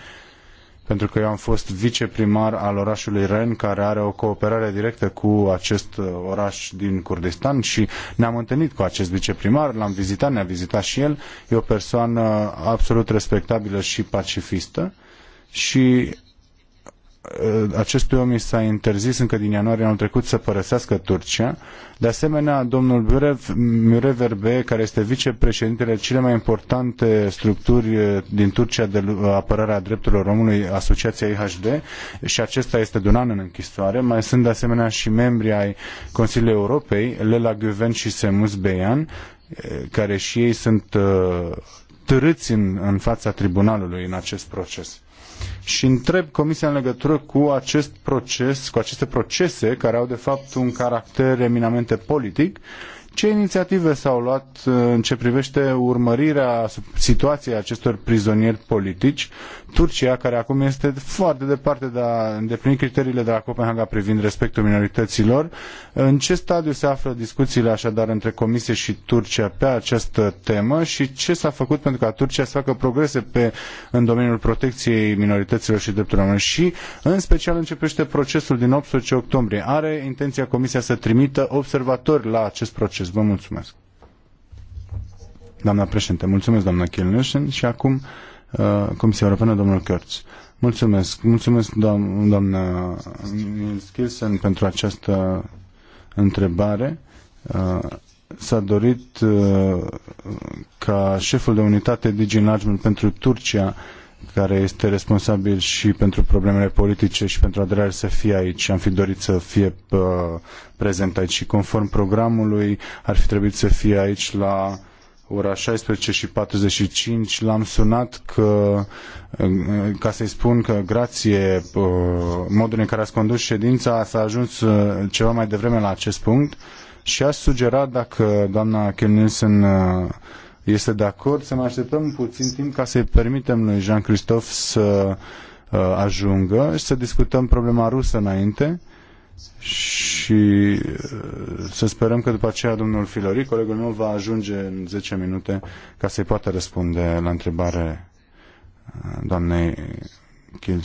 pentru că eu am fost viceprimar al orașului Ren, care are o cooperare directă cu acest uh, oraș din Kurdistan și ne-am întâlnit cu acest viceprimar, l-am vizitat, ne-a vizitat și el. E o persoană absolut respectabilă și pacifistă și Uh, acestui om i s-a interzis încă din ianuarie anul trecut să părăsească Turcia. De asemenea, domnul Murev Erbe, care este vicepreședintele cele mai importante structuri uh, din Turcia de apărare a drepturilor omului, Asociația IHD, și acesta este de un an în închisoare. Mai sunt de asemenea și membri ai Consiliului Europei, Lela Guven și Semus Beian, uh, care și ei sunt târâți în, în fața tribunalului în acest proces și întreb Comisia în legătură cu acest proces, cu aceste procese care au de fapt un caracter eminamente politic ce inițiative s-au luat uh, în ce privește urmărirea situației acestor prizonieri politici? Turcia, care acum este foarte departe de a îndeplini criteriile de la Copenhaga privind respectul minorităților, în ce stadiu se află discuțiile așadar între Comisie și Turcia pe această temă și ce s-a făcut pentru ca Turcia să facă progrese pe, în domeniul protecției minorităților și drepturilor omului și, în special, începește procesul din 18 octombrie. Are intenția Comisia să trimită observatori la acest proces? succes. Deci, vă mulțumesc. Doamna președinte, mulțumesc doamna Kilnușen și acum uh, Comisia Europeană, domnul Kurtz. Mulțumesc, mulțumesc doamna Nils Kilsen pentru această întrebare. Uh, s-a dorit uh, ca șeful de unitate Digi Enlargement pentru Turcia care este responsabil și pentru problemele politice și pentru aderare să fie aici. Am fi dorit să fie uh, prezent aici și conform programului ar fi trebuit să fie aici la ora 16 și 45 l-am sunat că, uh, ca să-i spun că grație uh, modul în care ați condus ședința s-a ajuns ceva mai devreme la acest punct și aș sugera dacă doamna Kelnilsen este de acord să mai așteptăm puțin timp ca să-i permitem lui Jean-Christophe să uh, ajungă și să discutăm problema rusă înainte și uh, să sperăm că după aceea domnul Filori, colegul meu, va ajunge în 10 minute ca să-i poată răspunde la întrebare uh, doamnei Kiel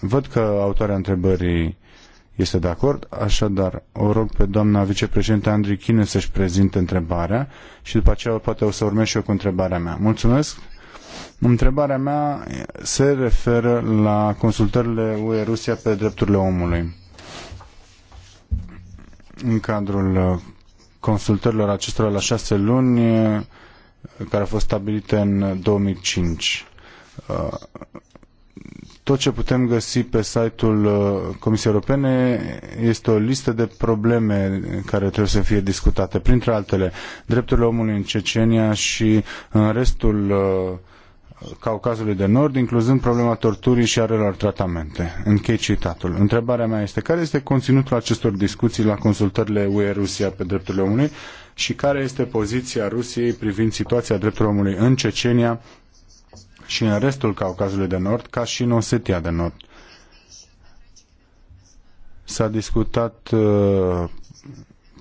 Văd că autoarea întrebării este de acord. Așadar, o rog pe doamna vicepreședinte Andrei Chine să-și prezinte întrebarea și după aceea poate o să urmez și eu cu întrebarea mea. Mulțumesc! Întrebarea mea se referă la consultările UE-Rusia pe drepturile omului. În cadrul consultărilor acestora la șase luni, care au fost stabilite în 2005, tot ce putem găsi pe site-ul uh, Comisiei Europene este o listă de probleme care trebuie să fie discutate, printre altele drepturile omului în Cecenia și în restul uh, Caucazului de Nord, incluzând problema torturii și a relor tratamente. Închei citatul. Întrebarea mea este care este conținutul acestor discuții la consultările UE-Rusia pe drepturile omului și care este poziția Rusiei privind situația drepturilor omului în Cecenia și în restul Caucazului de Nord, ca și în Osetia de Nord. S-a discutat uh,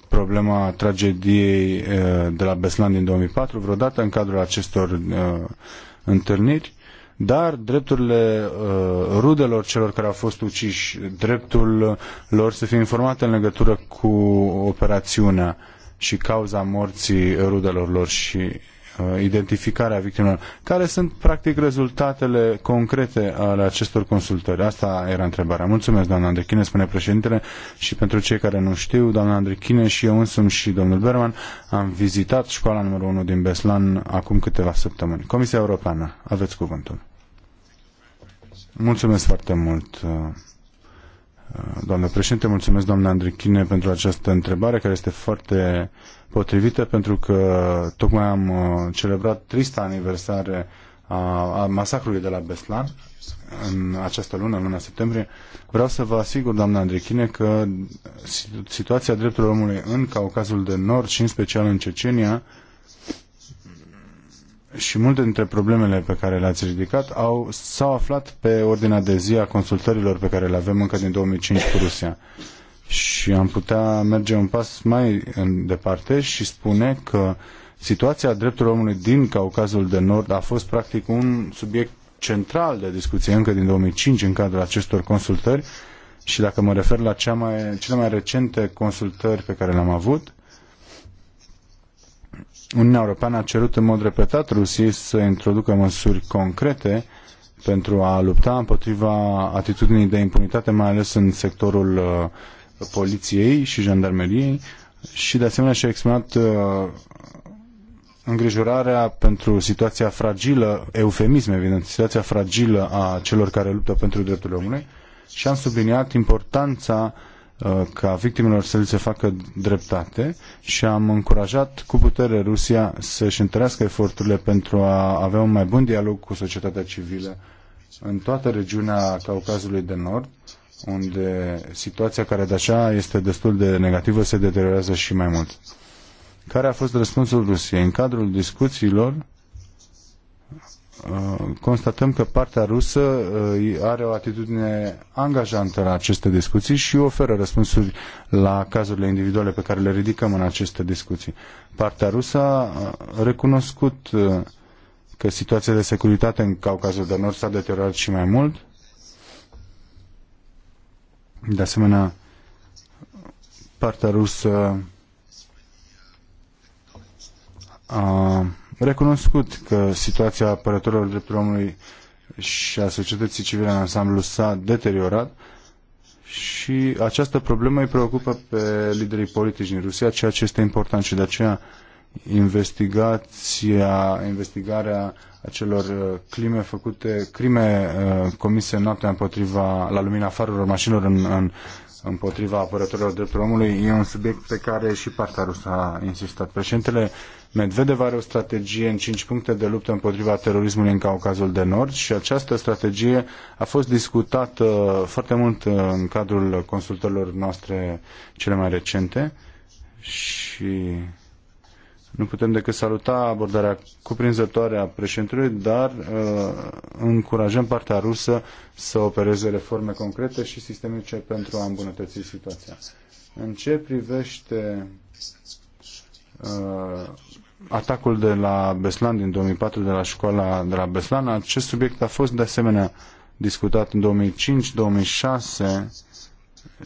problema tragediei uh, de la Beslan din 2004 vreodată în cadrul acestor uh, întâlniri dar drepturile uh, rudelor celor care au fost uciși, dreptul lor să fie informate în legătură cu operațiunea și cauza morții rudelor lor și Uh, identificarea victimelor. Care sunt, practic, rezultatele concrete ale acestor consultări? Asta era întrebarea. Mulțumesc, doamna Andrechine, spune președintele, și pentru cei care nu știu, doamna Andrechine și eu însumi și domnul Berman am vizitat școala numărul 1 din Beslan acum câteva săptămâni. Comisia Europeană, aveți cuvântul. Mulțumesc foarte mult. Uh, uh, doamnă președinte, mulțumesc doamna Andrechine pentru această întrebare care este foarte uh, potrivită pentru că tocmai am uh, celebrat trista aniversare a, a masacrului de la Beslan în această lună, în luna septembrie. Vreau să vă asigur, doamna Andrechine, că situația drepturilor omului în Caucazul de Nord și în special în Cecenia și multe dintre problemele pe care le-ați ridicat au, s-au aflat pe ordinea de zi a consultărilor pe care le avem încă din 2005 cu Rusia și am putea merge un pas mai departe și spune că situația drepturilor omului din Caucazul de Nord a fost practic un subiect central de discuție încă din 2005 în cadrul acestor consultări și dacă mă refer la cea mai, cele mai recente consultări pe care le-am avut, Uniunea Europeană a cerut în mod repetat Rusiei să introducă măsuri concrete pentru a lupta împotriva atitudinii de impunitate, mai ales în sectorul uh, poliției și jandarmeriei și de asemenea și-a exprimat uh, îngrijorarea pentru situația fragilă, eufemism evident, situația fragilă a celor care luptă pentru drepturile omului și am subliniat importanța uh, ca victimelor să li se facă dreptate și am încurajat cu putere Rusia să-și întărească eforturile pentru a avea un mai bun dialog cu societatea civilă în toată regiunea Caucazului de Nord unde situația care de așa este destul de negativă se deteriorează și mai mult. Care a fost răspunsul Rusiei? În cadrul discuțiilor uh, constatăm că partea rusă uh, are o atitudine angajantă la aceste discuții și oferă răspunsuri la cazurile individuale pe care le ridicăm în aceste discuții. Partea rusă a recunoscut uh, că situația de securitate în Caucazul de Nord s-a deteriorat și mai mult de asemenea, partea rusă a recunoscut că situația apărătorilor drepturilor omului și a societății civile în ansamblu s-a deteriorat și această problemă îi preocupă pe liderii politici din Rusia, ceea ce este important și de aceea investigația, investigarea acelor uh, crime făcute, crime uh, comise noaptea împotriva, la lumina farurilor mașinilor în, în împotriva apărătorilor drepturilor omului e un subiect pe care și partea rusă a insistat. Președintele Medvedev are o strategie în cinci puncte de luptă împotriva terorismului în Caucazul de Nord și această strategie a fost discutată foarte mult uh, în cadrul consultărilor noastre cele mai recente și nu putem decât saluta abordarea cuprinzătoare a președintelui, dar uh, încurajăm partea rusă să opereze reforme concrete și sistemice pentru a îmbunătăți situația. În ce privește uh, atacul de la Beslan din 2004, de la școala de la Beslan, acest subiect a fost de asemenea discutat în 2005-2006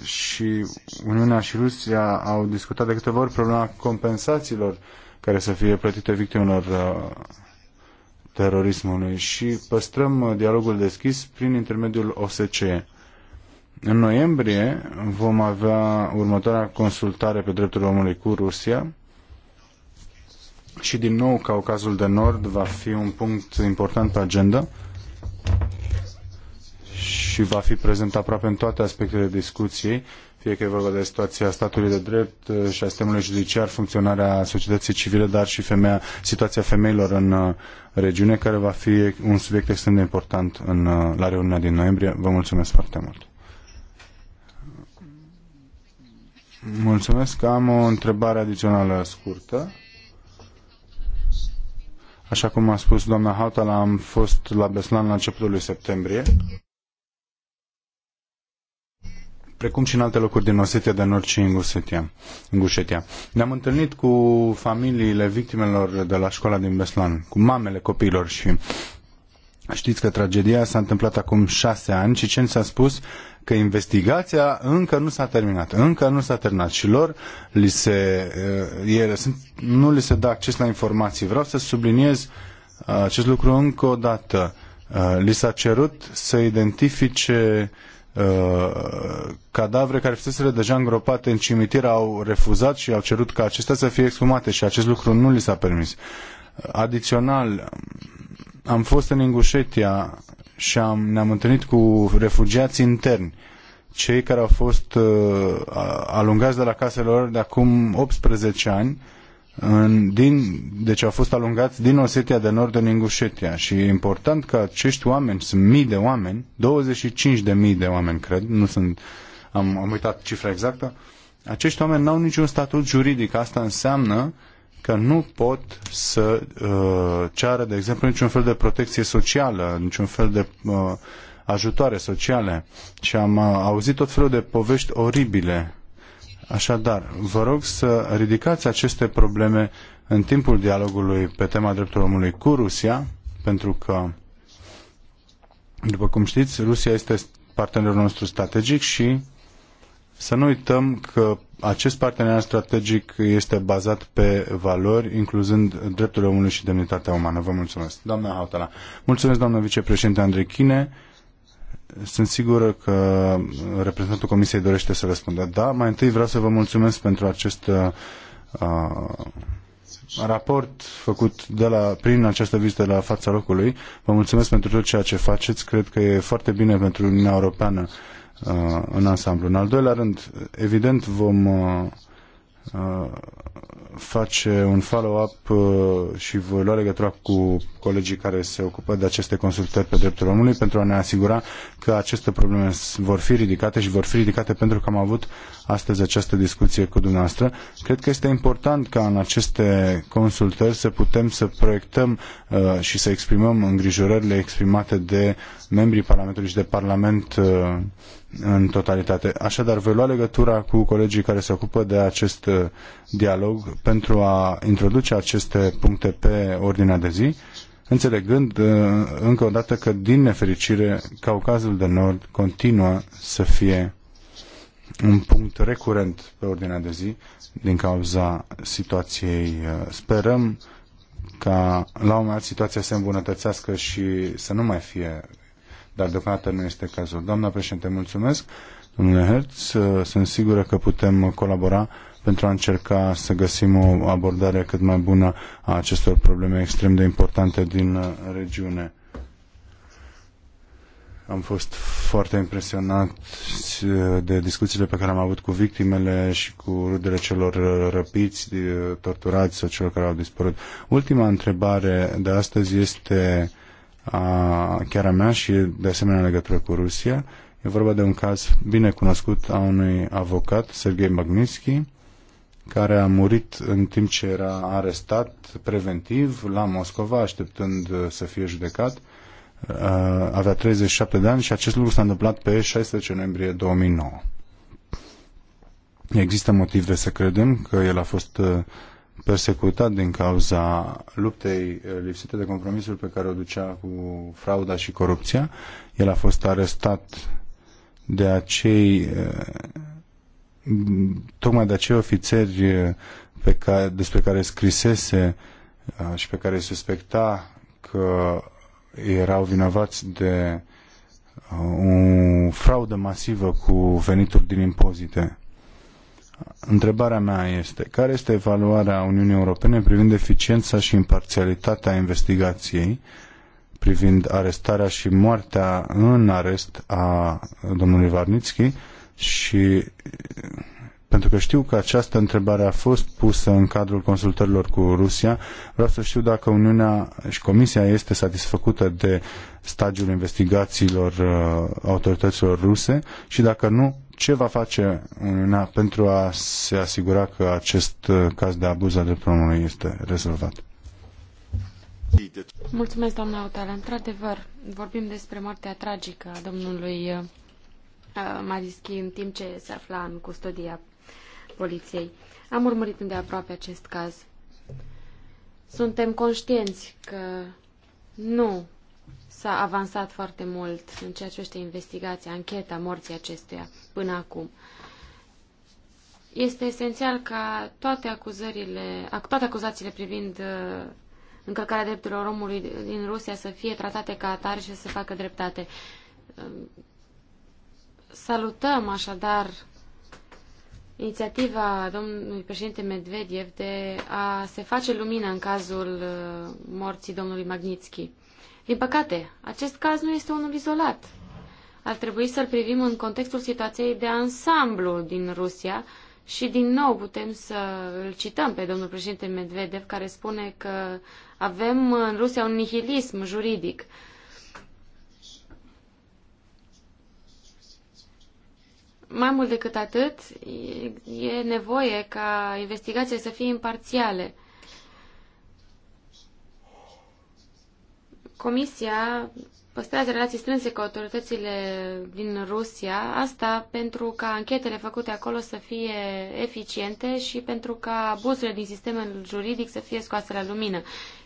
și Uniunea și Rusia au discutat de câteva ori problema compensațiilor uh, care să fie plătite victimelor uh, terorismului și păstrăm uh, dialogul deschis prin intermediul OSCE. În noiembrie vom avea următoarea consultare pe drepturile omului cu Rusia și din nou Caucazul de Nord va fi un punct important pe agenda și va fi prezent aproape în toate aspectele discuției fie că e vorba de situația statului de drept uh, și a sistemului judiciar, funcționarea societății civile, dar și femeia, situația femeilor în uh, regiune, care va fi un subiect extrem de important în, uh, la reuniunea din noiembrie. Vă mulțumesc foarte mult! Mulțumesc. Am o întrebare adițională scurtă. Așa cum a spus doamna Hautala, am fost la Beslan la începutul lui septembrie precum și în alte locuri din Osetia de Nord și Ingusetia. Ingușetia. Ne-am întâlnit cu familiile victimelor de la școala din Beslan, cu mamele copiilor și știți că tragedia s-a întâmplat acum șase ani și ce ni s-a spus că investigația încă nu s-a terminat, încă nu s-a terminat și lor li se, eh, ele, sunt, nu li se dă acces la informații. Vreau să subliniez eh, acest lucru încă o dată. Eh, li s-a cerut să identifice uh, Uh, cadavre care fuseseră deja îngropate în cimitir au refuzat și au cerut ca acestea să fie exhumate și acest lucru nu li s-a permis. Uh, adițional, am fost în Ingușetia și am, ne-am întâlnit cu refugiați interni, cei care au fost uh, alungați de la casele lor de acum 18 ani uh, în, din, deci au fost alungați din Osetia de Nord în Ingușetia și e important că acești oameni, sunt mii de oameni, 25 de mii de oameni, cred, nu sunt, am, am uitat cifra exactă, acești oameni n-au niciun statut juridic. Asta înseamnă că nu pot să uh, ceară, de exemplu, niciun fel de protecție socială, niciun fel de uh, ajutoare sociale. Și am uh, auzit tot felul de povești oribile Așadar, vă rog să ridicați aceste probleme în timpul dialogului pe tema drepturilor omului cu Rusia, pentru că, după cum știți, Rusia este partenerul nostru strategic și să nu uităm că acest parteneriat strategic este bazat pe valori, incluzând drepturile omului și demnitatea umană. Vă mulțumesc, doamna Hautala. Mulțumesc, doamna vicepreședinte Andrei Chine. Sunt sigur că reprezentantul Comisiei dorește să răspundă. Da, mai întâi vreau să vă mulțumesc pentru acest uh, uh raport făcut de la, prin această vizită la fața locului. Vă mulțumesc pentru tot ceea ce faceți. Cred că e foarte bine pentru Uniunea Europeană uh, în ansamblu. În al doilea rând, evident, vom uh, Uh, face un follow-up uh, și voi lua legătura cu colegii care se ocupă de aceste consultări pe dreptul omului pentru a ne asigura că aceste probleme vor fi ridicate și vor fi ridicate pentru că am avut astăzi această discuție cu dumneavoastră. Cred că este important ca în aceste consultări să putem să proiectăm uh, și să exprimăm îngrijorările exprimate de membrii Parlamentului și de Parlament în totalitate. Așadar, voi lua legătura cu colegii care se ocupă de acest uh, dialog pentru a introduce aceste puncte pe ordinea de zi, înțelegând uh, încă o dată că, din nefericire, Caucazul de Nord continuă să fie un punct recurent pe ordinea de zi din cauza situației. Uh, sperăm ca la un moment dat situația să îmbunătățească și să nu mai fie dar deocamdată nu este cazul. Doamna președinte, mulțumesc. Domnule Hertz, uh, sunt sigură că putem colabora pentru a încerca să găsim o abordare cât mai bună a acestor probleme extrem de importante din uh, regiune. Am fost foarte impresionat uh, de discuțiile pe care am avut cu victimele și cu rudele celor răpiți, torturați sau celor care au dispărut. Ultima întrebare de astăzi este a, chiar a mea și de asemenea în legătură cu Rusia. E vorba de un caz bine cunoscut a unui avocat, Sergei Magnitsky, care a murit în timp ce era arestat preventiv la Moscova, așteptând uh, să fie judecat. Uh, avea 37 de ani și acest lucru s-a întâmplat pe 16 noiembrie 2009. Există motive să credem că el a fost uh, persecutat din cauza luptei eh, lipsite de compromisul pe care o ducea cu frauda și corupția. El a fost arestat de acei eh, tocmai de acei ofițeri eh, pe care, despre care scrisese și pe care suspecta că erau vinovați de o fraudă masivă cu venituri din impozite. Întrebarea mea este, care este evaluarea Uniunii Europene privind eficiența și imparțialitatea investigației privind arestarea și moartea în arest a domnului Varnitski și pentru că știu că această întrebare a fost pusă în cadrul consultărilor cu Rusia. Vreau să știu dacă Uniunea și Comisia este satisfăcută de stadiul investigațiilor uh, autorităților ruse și dacă nu, ce va face Uniunea pentru a se asigura că acest uh, caz de abuz al drepturilor omului este rezolvat. Mulțumesc, doamna Autala. Într-adevăr, vorbim despre moartea tragică a domnului uh, Marischi în timp ce se afla în custodia poliției. Am urmărit îndeaproape acest caz. Suntem conștienți că nu s-a avansat foarte mult în ceea ce este investigația, ancheta morții acestuia până acum. Este esențial ca toate, acuzările, toate acuzațiile privind uh, încălcarea drepturilor omului din Rusia să fie tratate ca atare și să se facă dreptate. Um, salutăm așadar inițiativa domnului președinte Medvedev de a se face lumină în cazul uh, morții domnului Magnitsky. Din păcate, acest caz nu este unul izolat. Ar trebui să-l privim în contextul situației de ansamblu din Rusia și din nou putem să îl cităm pe domnul președinte Medvedev care spune că avem în Rusia un nihilism juridic Mai mult decât atât, e nevoie ca investigațiile să fie imparțiale. Comisia păstrează relații strânse cu autoritățile din Rusia, asta pentru ca anchetele făcute acolo să fie eficiente și pentru ca abuzurile din sistemul juridic să fie scoase la lumină.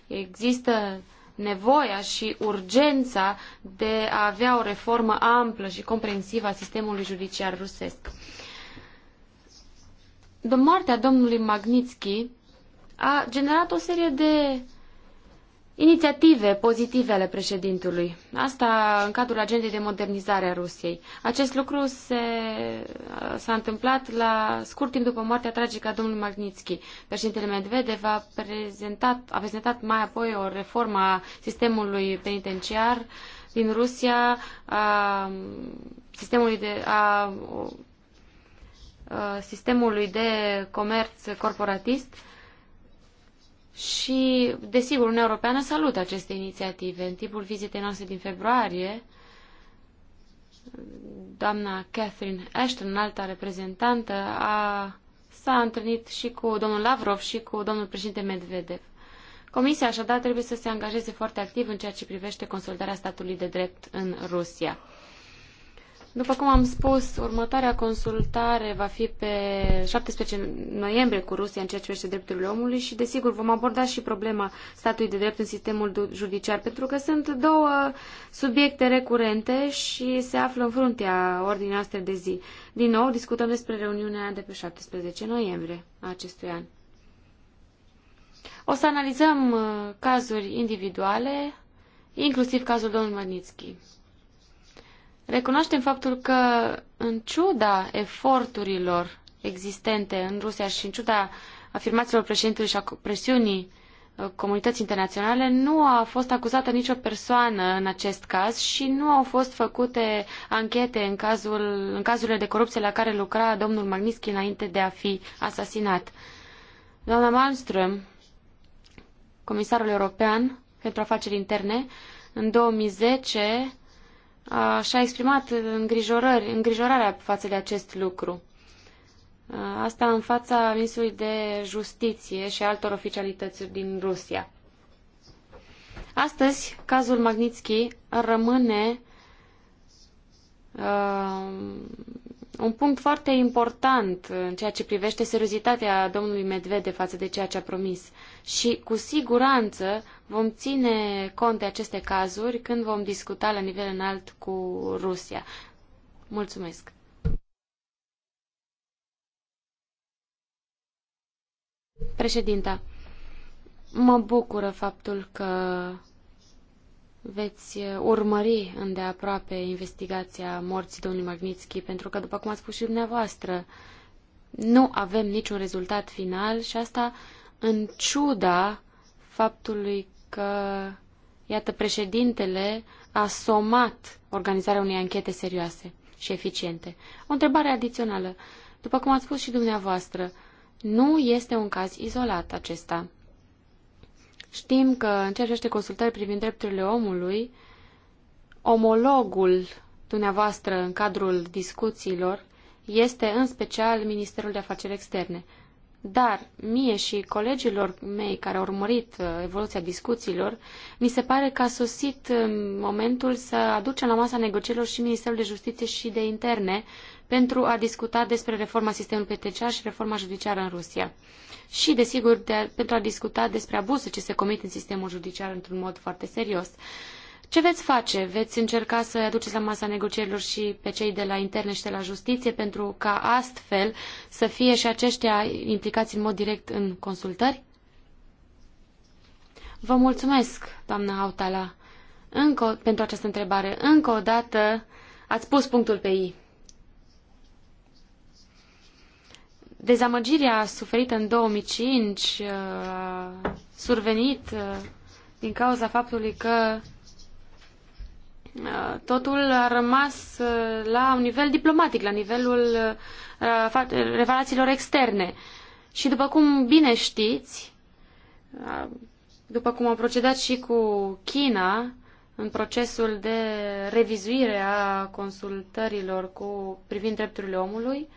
Există nevoia și urgența de a avea o reformă amplă și comprehensivă a sistemului judiciar rusesc. Moartea domnului Magnitsky a generat o serie de inițiative pozitive ale președintelui. Asta în cadrul agendei de modernizare a Rusiei. Acest lucru s-a întâmplat la scurt timp după moartea tragică a domnului Magnitsky. Președintele Medvedev a prezentat, a prezentat mai apoi o reformă a sistemului penitenciar din Rusia, a sistemului de, a, a sistemului de comerț corporatist și, desigur, Uniunea Europeană salută aceste inițiative. În timpul vizitei noastre din februarie, doamna Catherine Ashton, alta reprezentantă, a, s-a întâlnit și cu domnul Lavrov și cu domnul președinte Medvedev. Comisia, așadar, trebuie să se angajeze foarte activ în ceea ce privește consolidarea statului de drept în Rusia. După cum am spus, următoarea consultare va fi pe 17 noiembrie cu Rusia în ceea ce privește drepturile omului și, desigur, vom aborda și problema statului de drept în sistemul judiciar, pentru că sunt două subiecte recurente și se află în fruntea ordinii noastre de zi. Din nou, discutăm despre reuniunea de pe 17 noiembrie a acestui an. O să analizăm uh, cazuri individuale, inclusiv cazul domnului Magnitsky. Recunoaștem faptul că, în ciuda eforturilor existente în Rusia și în ciuda afirmațiilor președintelui și a presiunii uh, comunității internaționale, nu a fost acuzată nicio persoană în acest caz și nu au fost făcute anchete în, cazul, în cazurile de corupție la care lucra domnul Magnitsky înainte de a fi asasinat. Doamna Malmström, comisarul european pentru afaceri interne, în 2010 și-a exprimat îngrijorări, îngrijorarea față de acest lucru. asta în fața Ministrului de Justiție și altor oficialități din Rusia. Astăzi, cazul Magnitsky rămâne uh, un punct foarte important în ceea ce privește seriozitatea domnului Medvede față de ceea ce a promis. Uh, și cu siguranță vom ține cont de aceste cazuri când vom discuta la nivel înalt cu Rusia. Mulțumesc! Președinta, mă bucură faptul că veți urmări îndeaproape investigația morții domnului Magnitsky, pentru că, după cum ați spus și dumneavoastră, nu avem niciun rezultat final și asta în ciuda faptului că, iată, președintele a somat organizarea unei anchete serioase și eficiente. O întrebare adițională. După cum ați spus și dumneavoastră, nu este un caz izolat acesta. Știm că, în ceea ce privește consultări privind drepturile omului, omologul dumneavoastră în cadrul discuțiilor este în special Ministerul de Afaceri Externe. Dar mie și colegilor mei care au urmărit uh, evoluția discuțiilor, mi se pare că a sosit um, momentul să aducem la masa negocierilor și Ministerul de Justiție și de Interne pentru a discuta despre reforma sistemului penitenciar și reforma judiciară în Rusia. Și, desigur, de a, pentru a discuta despre abuzul ce se comit în sistemul judiciar într-un mod foarte serios. Uh, ce veți face? Veți încerca să aduceți la masa negocierilor și pe cei de la interne și de la justiție pentru ca astfel să fie și aceștia implicați în mod direct în consultări? Vă mulțumesc, doamna Hautala, încă, pentru această întrebare. Încă o dată ați pus punctul pe i. Dezamăgirea suferită în 2005 uh, a survenit uh, din cauza faptului că totul a rămas uh, la un nivel diplomatic, la nivelul uh, relațiilor externe. Și după cum bine știți, uh, după cum am procedat și cu China în procesul de revizuire a consultărilor cu privind drepturile omului,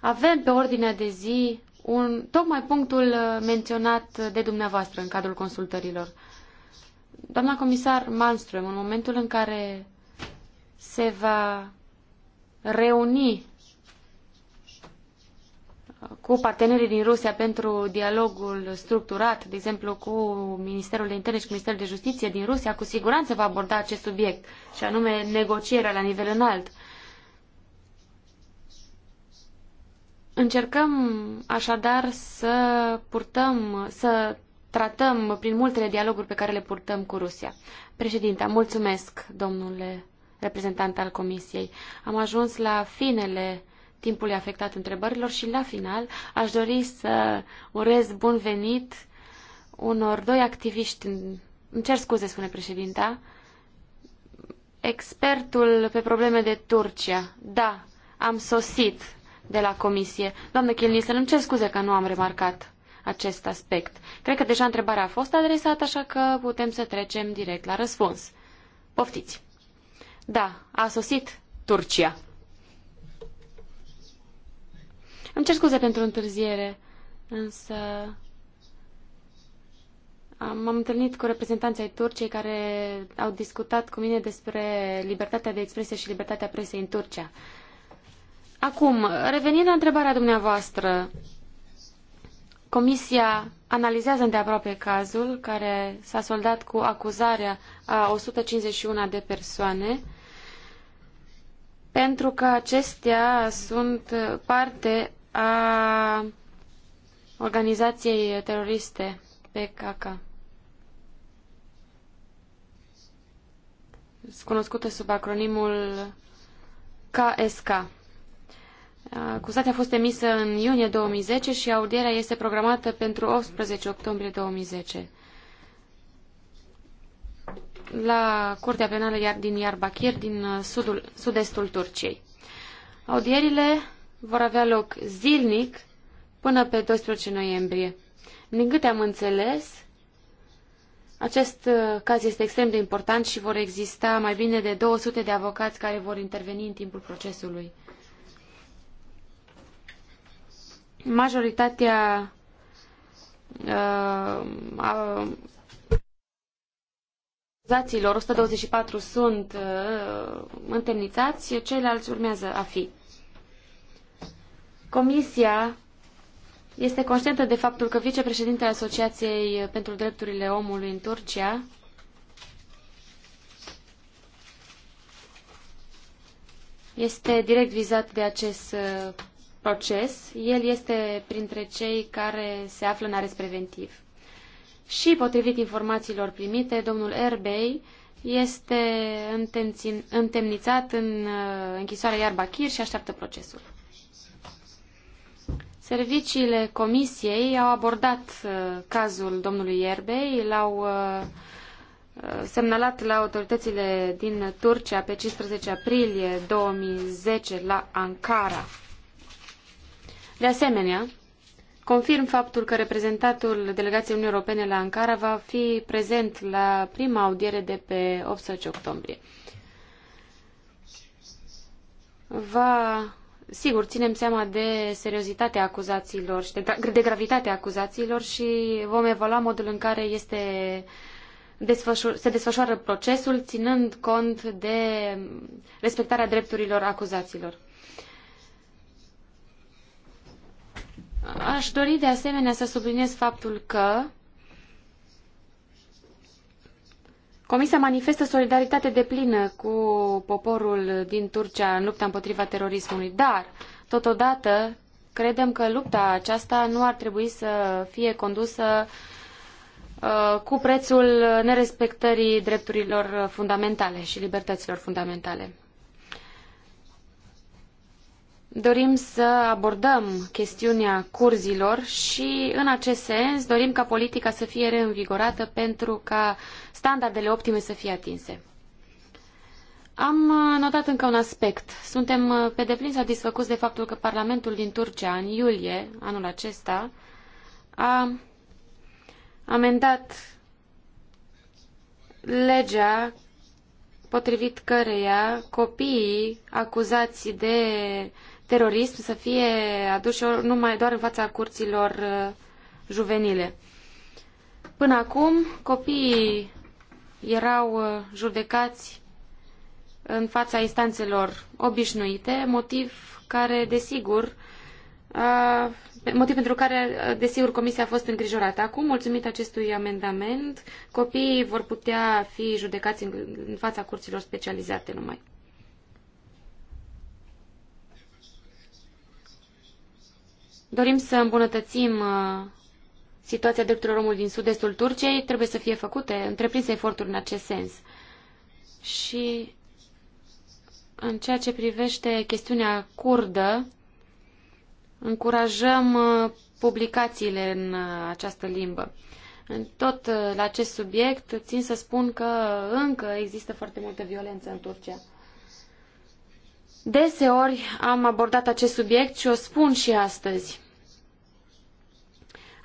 avem pe ordinea de zi un, tocmai punctul menționat de dumneavoastră în cadrul consultărilor. Doamna comisar Malmström, în momentul în care se va reuni uh, cu partenerii din Rusia pentru dialogul structurat, de exemplu cu Ministerul de Interne și cu Ministerul de Justiție din Rusia, cu siguranță va aborda acest subiect, și anume negocierea la nivel înalt. Încercăm așadar să purtăm, să tratăm prin multele dialoguri pe care le purtăm cu Rusia. Președinte, mulțumesc, domnule reprezentant al Comisiei. Am ajuns la finele timpului afectat întrebărilor și la final aș dori să urez bun venit unor doi activiști, îmi cer scuze, spune președinta, expertul pe probleme de Turcia. Da, am sosit de la comisie. Doamnă Chilnisen, îmi cer scuze că nu am remarcat acest aspect. Cred că deja întrebarea a fost adresată, așa că putem să trecem direct la răspuns. Poftiți! Da, a sosit Turcia. Îmi cer scuze pentru întârziere, însă M-am întâlnit cu reprezentanții ai Turciei care au discutat cu mine despre libertatea de expresie și libertatea presei în Turcia. Acum, revenind la întrebarea dumneavoastră, Comisia analizează îndeaproape cazul care s-a soldat cu acuzarea a 151 de persoane pentru că acestea sunt parte a organizației teroriste PKK. cunoscută sub acronimul KSK. Uh, Acuzația a fost emisă în iunie 2010 și audierea este programată pentru 18 octombrie 2010. La Curtea Penală din Iarbakir, din uh, sud-estul Turciei. Audierile vor avea loc zilnic până pe 12 noiembrie. Din câte am înțeles, acest uh, caz este extrem de important și vor exista mai bine de 200 de avocați care vor interveni în timpul procesului. majoritatea uh, uh, acuzațiilor, 124 sunt uh, întemnițați, ceilalți urmează a fi. Comisia este conștientă de faptul că vicepreședintele Asociației pentru Drepturile Omului în Turcia este direct vizat de acest uh, proces. El este printre cei care se află în arest preventiv. Și, potrivit informațiilor primite, domnul Erbey este întemnițat în uh, închisoarea Iarbachir și așteaptă procesul. Serviciile comisiei au abordat uh, cazul domnului Ierbei, l-au uh, uh, semnalat la autoritățile din Turcia pe 15 aprilie 2010 la Ankara. De asemenea, confirm faptul că reprezentantul Delegației Uniunii Europene la Ankara va fi prezent la prima audiere de pe 18 octombrie. Va, sigur, ținem seama de seriozitatea acuzațiilor și de, de gravitatea acuzațiilor și vom evalua modul în care este se desfășoară procesul, ținând cont de respectarea drepturilor acuzaților. Aș dori de asemenea să subliniez faptul că Comisia manifestă solidaritate deplină cu poporul din Turcia în lupta împotriva terorismului, dar, totodată, credem că lupta aceasta nu ar trebui să fie condusă uh, cu prețul nerespectării drepturilor fundamentale și libertăților fundamentale dorim să abordăm chestiunea curzilor și, în acest sens, dorim ca politica să fie reînvigorată pentru ca standardele optime să fie atinse. Am uh, notat încă un aspect. Suntem uh, pe deplin satisfăcuți de faptul că Parlamentul din Turcia, în iulie anul acesta, a amendat legea potrivit căreia copiii acuzați de terorism să fie aduși numai doar în fața curților uh, juvenile. Până acum, copiii erau uh, judecați în fața instanțelor obișnuite, motiv care, desigur, motiv pentru care, desigur, Comisia a fost îngrijorată. Acum, mulțumit acestui amendament, copiii vor putea fi judecați în, în fața curților specializate numai. dorim să îmbunătățim uh, situația drepturilor omului din sud-estul Turciei, trebuie să fie făcute, întreprinse eforturi în acest sens. Și în ceea ce privește chestiunea curdă, încurajăm uh, publicațiile în uh, această limbă. Tot la acest subiect țin să spun că încă există foarte multă violență în Turcia. Deseori am abordat acest subiect și o spun și astăzi.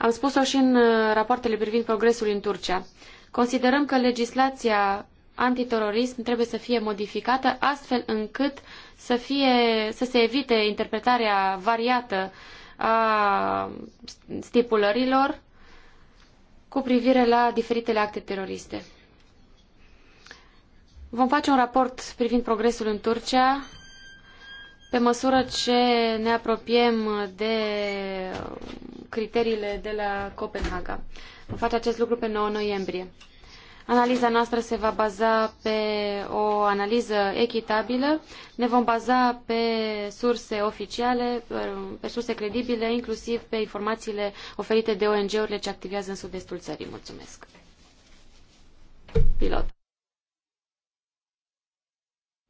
Am spus-o și în uh, rapoartele privind progresul în Turcia. Considerăm că legislația antiterorism trebuie să fie modificată astfel încât să, fie, să se evite interpretarea variată a stipulărilor cu privire la diferitele acte teroriste. Vom face un raport privind progresul în Turcia pe măsură ce ne apropiem de criteriile de la Copenhaga. Vom face acest lucru pe 9 noiembrie. Analiza noastră se va baza pe o analiză echitabilă. Ne vom baza pe surse oficiale, pe surse credibile, inclusiv pe informațiile oferite de ONG-urile ce activează în sud-estul țării. Mulțumesc. Pilot.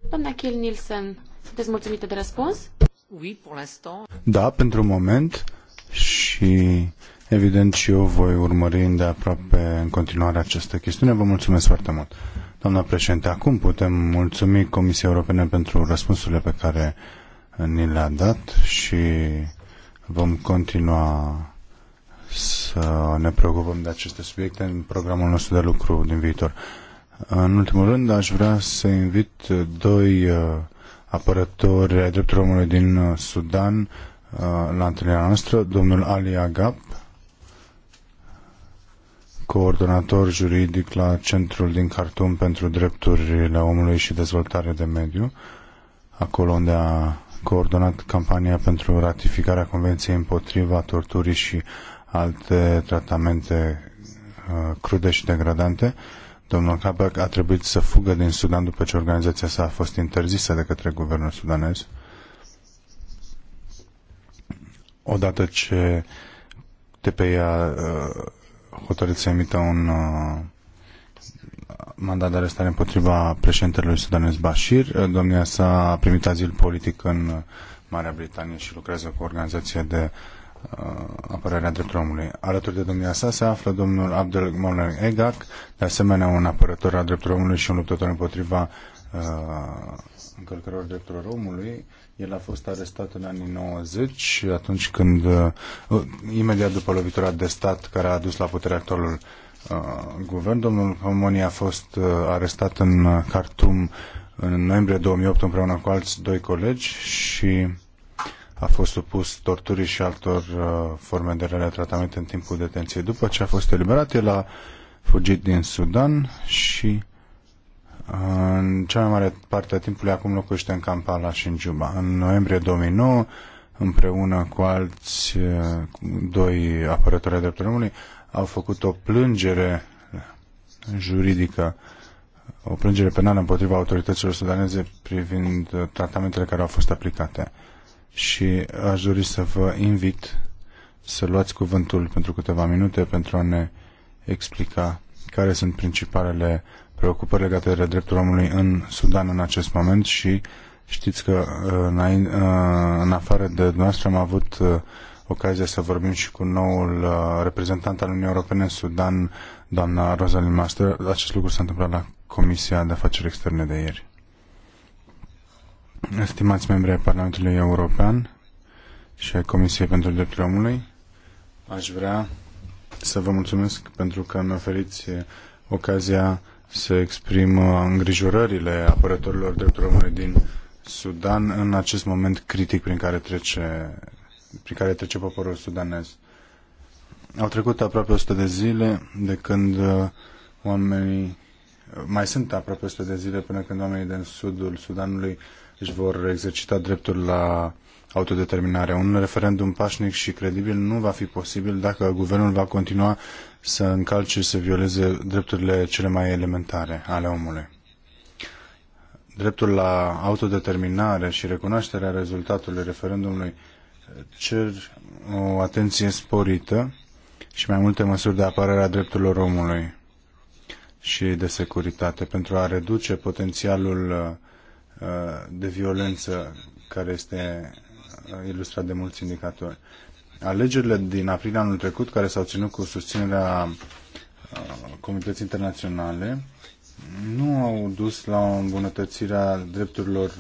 Doamna Kiel Nielsen, sunteți mulțumită de răspuns? Da, pentru moment și evident și eu voi urmări de aproape în continuare această chestiune. Vă mulțumesc foarte mult. Doamna președinte, acum putem mulțumi Comisiei Europene pentru răspunsurile pe care ni le-a dat și vom continua să ne preocupăm de aceste subiecte în programul nostru de lucru din viitor. În ultimul rând, aș vrea să invit doi uh, apărători ai drepturilor omului din uh, Sudan Uh, la întâlnirea noastră, domnul Ali Agap, coordonator juridic la Centrul din Cartum pentru Drepturile Omului și Dezvoltare de Mediu, acolo unde a coordonat campania pentru ratificarea Convenției împotriva torturii și alte tratamente uh, crude și degradante. Domnul Kabak a trebuit să fugă din Sudan după ce organizația sa a fost interzisă de către guvernul sudanez odată ce TPI a uh, hotărât să emită un uh, mandat de arestare împotriva președintelui sudanez Bashir. Uh, domnia sa a primit azil politic în Marea Britanie și lucrează cu organizația de uh, apărare a drepturilor omului. Alături de domnia sa se află domnul Abdel Mouler Egak, de asemenea un apărător a drepturilor omului și un luptător împotriva uh, încălcărilor drepturilor omului el a fost arestat în anii 90, atunci când, uh, imediat după lovitura de stat care a adus la putere actualul uh, guvern, domnul Comoni a fost uh, arestat în Khartoum în noiembrie 2008 împreună cu alți doi colegi și a fost supus torturii și altor forme de rele tratament în timpul detenției. După ce a fost eliberat, el a fugit din Sudan și în cea mai mare parte a timpului acum locuiește în Kampala și în Juba. În noiembrie 2009, împreună cu alți eh, doi apărători ai dreptului omului, au făcut o plângere juridică, o plângere penală împotriva autorităților sudaneze privind tratamentele care au fost aplicate. Și aș dori să vă invit să luați cuvântul pentru câteva minute pentru a ne explica care sunt principalele preocupări legate de dreptul omului în Sudan în acest moment și știți că uh, uh, în afară de dumneavoastră am avut uh, ocazia să vorbim și cu noul reprezentant al Uniunii Europene în Sudan, doamna Rosalind Master. Acest lucru s-a întâmplat la Comisia de Afaceri Externe de ieri. Estimați membri ai Parlamentului European și ai Comisiei pentru Drepturile Omului, aș vrea să vă mulțumesc pentru că mi oferiți ocazia să exprim îngrijorările apărătorilor drepturilor omului din Sudan în acest moment critic prin care trece, prin care trece poporul sudanez. Au trecut aproape 100 de zile de când uh, oamenii uh, mai sunt aproape 100 de zile până când oamenii din sudul Sudanului își vor exercita dreptul la autodeterminare. Un referendum pașnic și credibil nu va fi posibil dacă guvernul va continua să încalce și să violeze drepturile cele mai elementare ale omului. Dreptul la autodeterminare și recunoașterea rezultatului referendumului cer o atenție sporită și mai multe măsuri de apărare a drepturilor omului și de securitate pentru a reduce potențialul uh, de violență care este ilustrat de mulți indicatori. Alegerile din aprilie anul trecut, care s-au ținut cu susținerea comunității internaționale, nu au dus la o îmbunătățire a drepturilor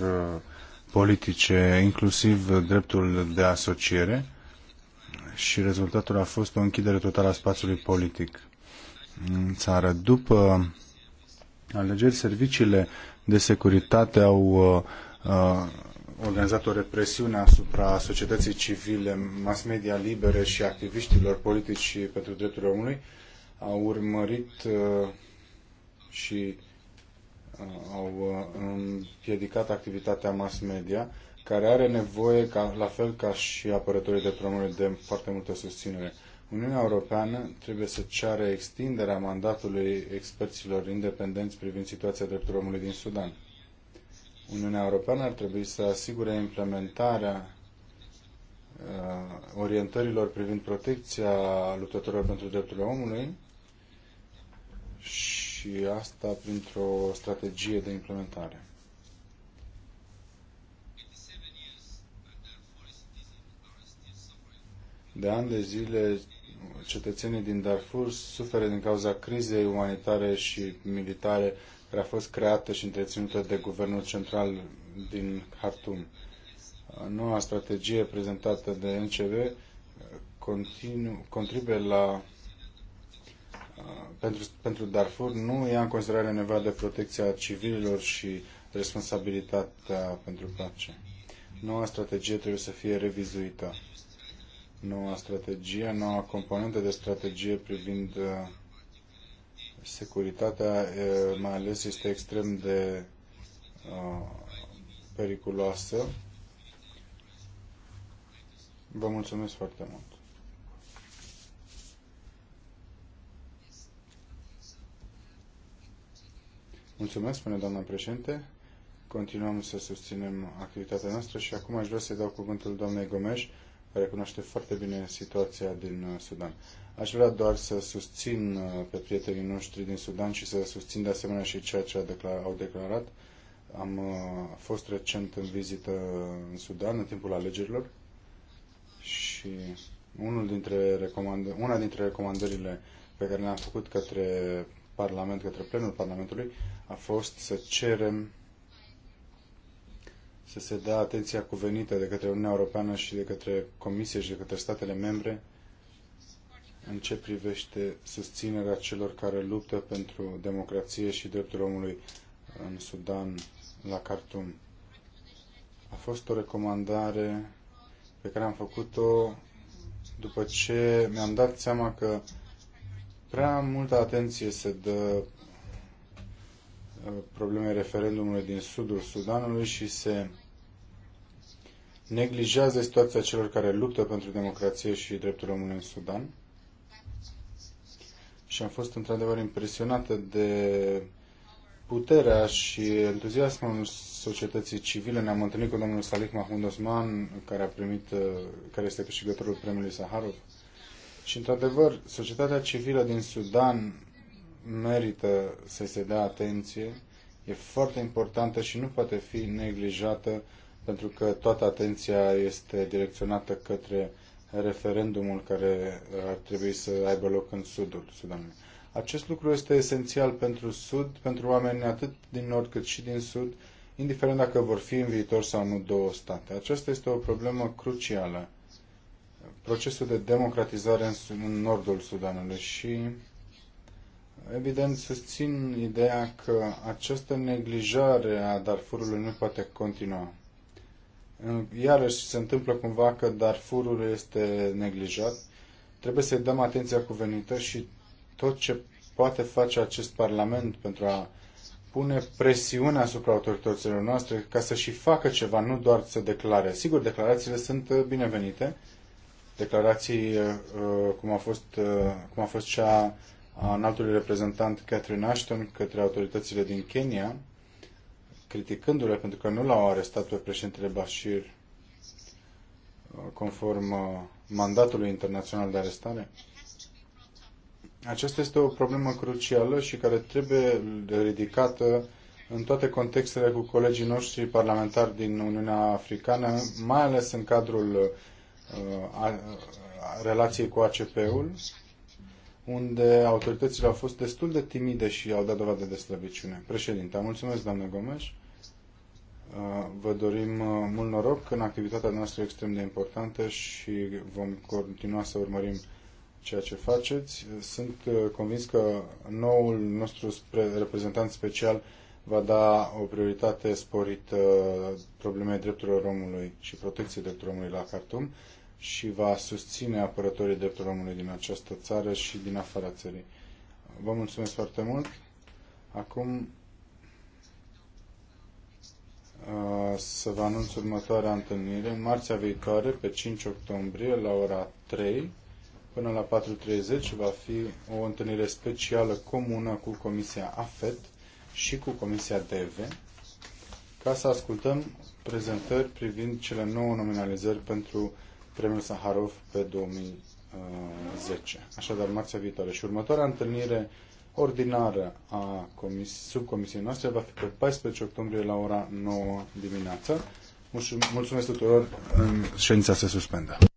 politice, inclusiv dreptul de asociere și rezultatul a fost o închidere totală a spațiului politic în țară. După alegeri, serviciile de securitate au uh, organizat o represiune asupra societății civile, mass media libere și activiștilor politici pentru drepturile omului, uh, uh, au urmărit uh, și au împiedicat activitatea mass media, care are nevoie, ca, la fel ca și apărătorii de promovare, de foarte multă susținere. Uniunea Europeană trebuie să ceară extinderea mandatului experților independenți privind situația drepturilor omului din Sudan. Uniunea Europeană ar trebui să asigure implementarea uh, orientărilor privind protecția luptătorilor pentru drepturile omului și asta printr-o strategie de implementare. De ani de zile, cetățenii din Darfur suferă din cauza crizei umanitare și militare care a fost creată și întreținută de Guvernul Central din Khartoum. Noua strategie prezentată de NCV uh, continu, contribuie la uh, pentru, pentru Darfur nu ia în considerare nevoia de protecția civililor și responsabilitatea pentru pace. Noua strategie trebuie să fie revizuită. Noua strategie, noua componentă de strategie privind uh, Securitatea, mai ales, este extrem de periculoasă. Vă mulțumesc foarte mult. Mulțumesc, spune doamna președinte. Continuăm să susținem activitatea noastră și acum aș vrea să-i dau cuvântul doamnei Gomes, care cunoaște foarte bine situația din uh, Sudan. Aș vrea doar să susțin uh, pe prietenii noștri din Sudan și să susțin de asemenea și ceea ce au declarat. Am uh, fost recent în vizită în Sudan în timpul alegerilor și unul dintre recomandă, una dintre recomandările pe care le-am făcut către Parlament, către plenul Parlamentului, a fost să cerem să se dea atenția cuvenită de către Uniunea Europeană și de către Comisie și de către statele membre în ce privește susținerea celor care luptă pentru democrație și dreptul omului în Sudan, la Khartoum. A fost o recomandare pe care am făcut-o după ce mi-am dat seama că prea multă atenție se dă uh, problemei referendumului din sudul Sudanului și se neglijează situația celor care luptă pentru democrație și dreptul omului în Sudan și am fost într-adevăr impresionată de puterea și entuziasmul societății civile. Ne-am întâlnit cu domnul Salih Mahmud Osman, care a primit, care este câștigătorul premiului Saharov. Și, într-adevăr, societatea civilă din Sudan merită să se dea atenție, e foarte importantă și nu poate fi neglijată pentru că toată atenția este direcționată către referendumul care ar trebui să aibă loc în sudul Sudanului. Acest lucru este esențial pentru Sud, pentru oameni atât din Nord cât și din Sud, indiferent dacă vor fi în viitor sau nu două state. Aceasta este o problemă crucială. Procesul de democratizare în, în Nordul Sudanului și, evident, susțin ideea că această neglijare a Darfurului nu poate continua iarăși se întâmplă cumva că Darfurul este neglijat. Trebuie să-i dăm atenția cuvenită și tot ce poate face acest Parlament pentru a pune presiune asupra autorităților noastre ca să și facă ceva, nu doar să declare. Sigur, declarațiile sunt uh, binevenite, declarații uh, uh, cum a fost, cum a fost cea a înaltului reprezentant Catherine Ashton către autoritățile din Kenya, criticându-le pentru că nu l-au arestat pe președintele Bashir uh, conform uh, mandatului internațional de arestare? Aceasta este o problemă crucială și care trebuie ridicată în toate contextele cu colegii noștri parlamentari din Uniunea Africană, mai ales în cadrul uh, a, a, relației cu ACP-ul, unde autoritățile au fost destul de timide și au dat dovadă de slăbiciune. Președinte, mulțumesc, doamnă Gomes. Uh, vă dorim uh, mult noroc în activitatea noastră extrem de importantă și vom continua să urmărim ceea ce faceți. Uh, sunt convins că noul nostru reprezentant special va da o prioritate sporită problemei drepturilor omului și protecției drepturilor omului la Khartoum și va susține apărătorii drepturilor omului din această țară și din afara țării. Vă mulțumesc foarte mult. Acum să vă anunț următoarea întâlnire, în marțea viitoare, pe 5 octombrie, la ora 3 până la 4.30, va fi o întâlnire specială comună cu Comisia AFET și cu Comisia DEVE, ca să ascultăm prezentări privind cele nouă nominalizări pentru Premiul Saharov pe 2010. Așadar, marțea viitoare. Și următoarea întâlnire ordinară a subcomisiei noastre va fi pe 14 octombrie la ora 9 dimineața. Mulțumesc tuturor, ședința se suspendă.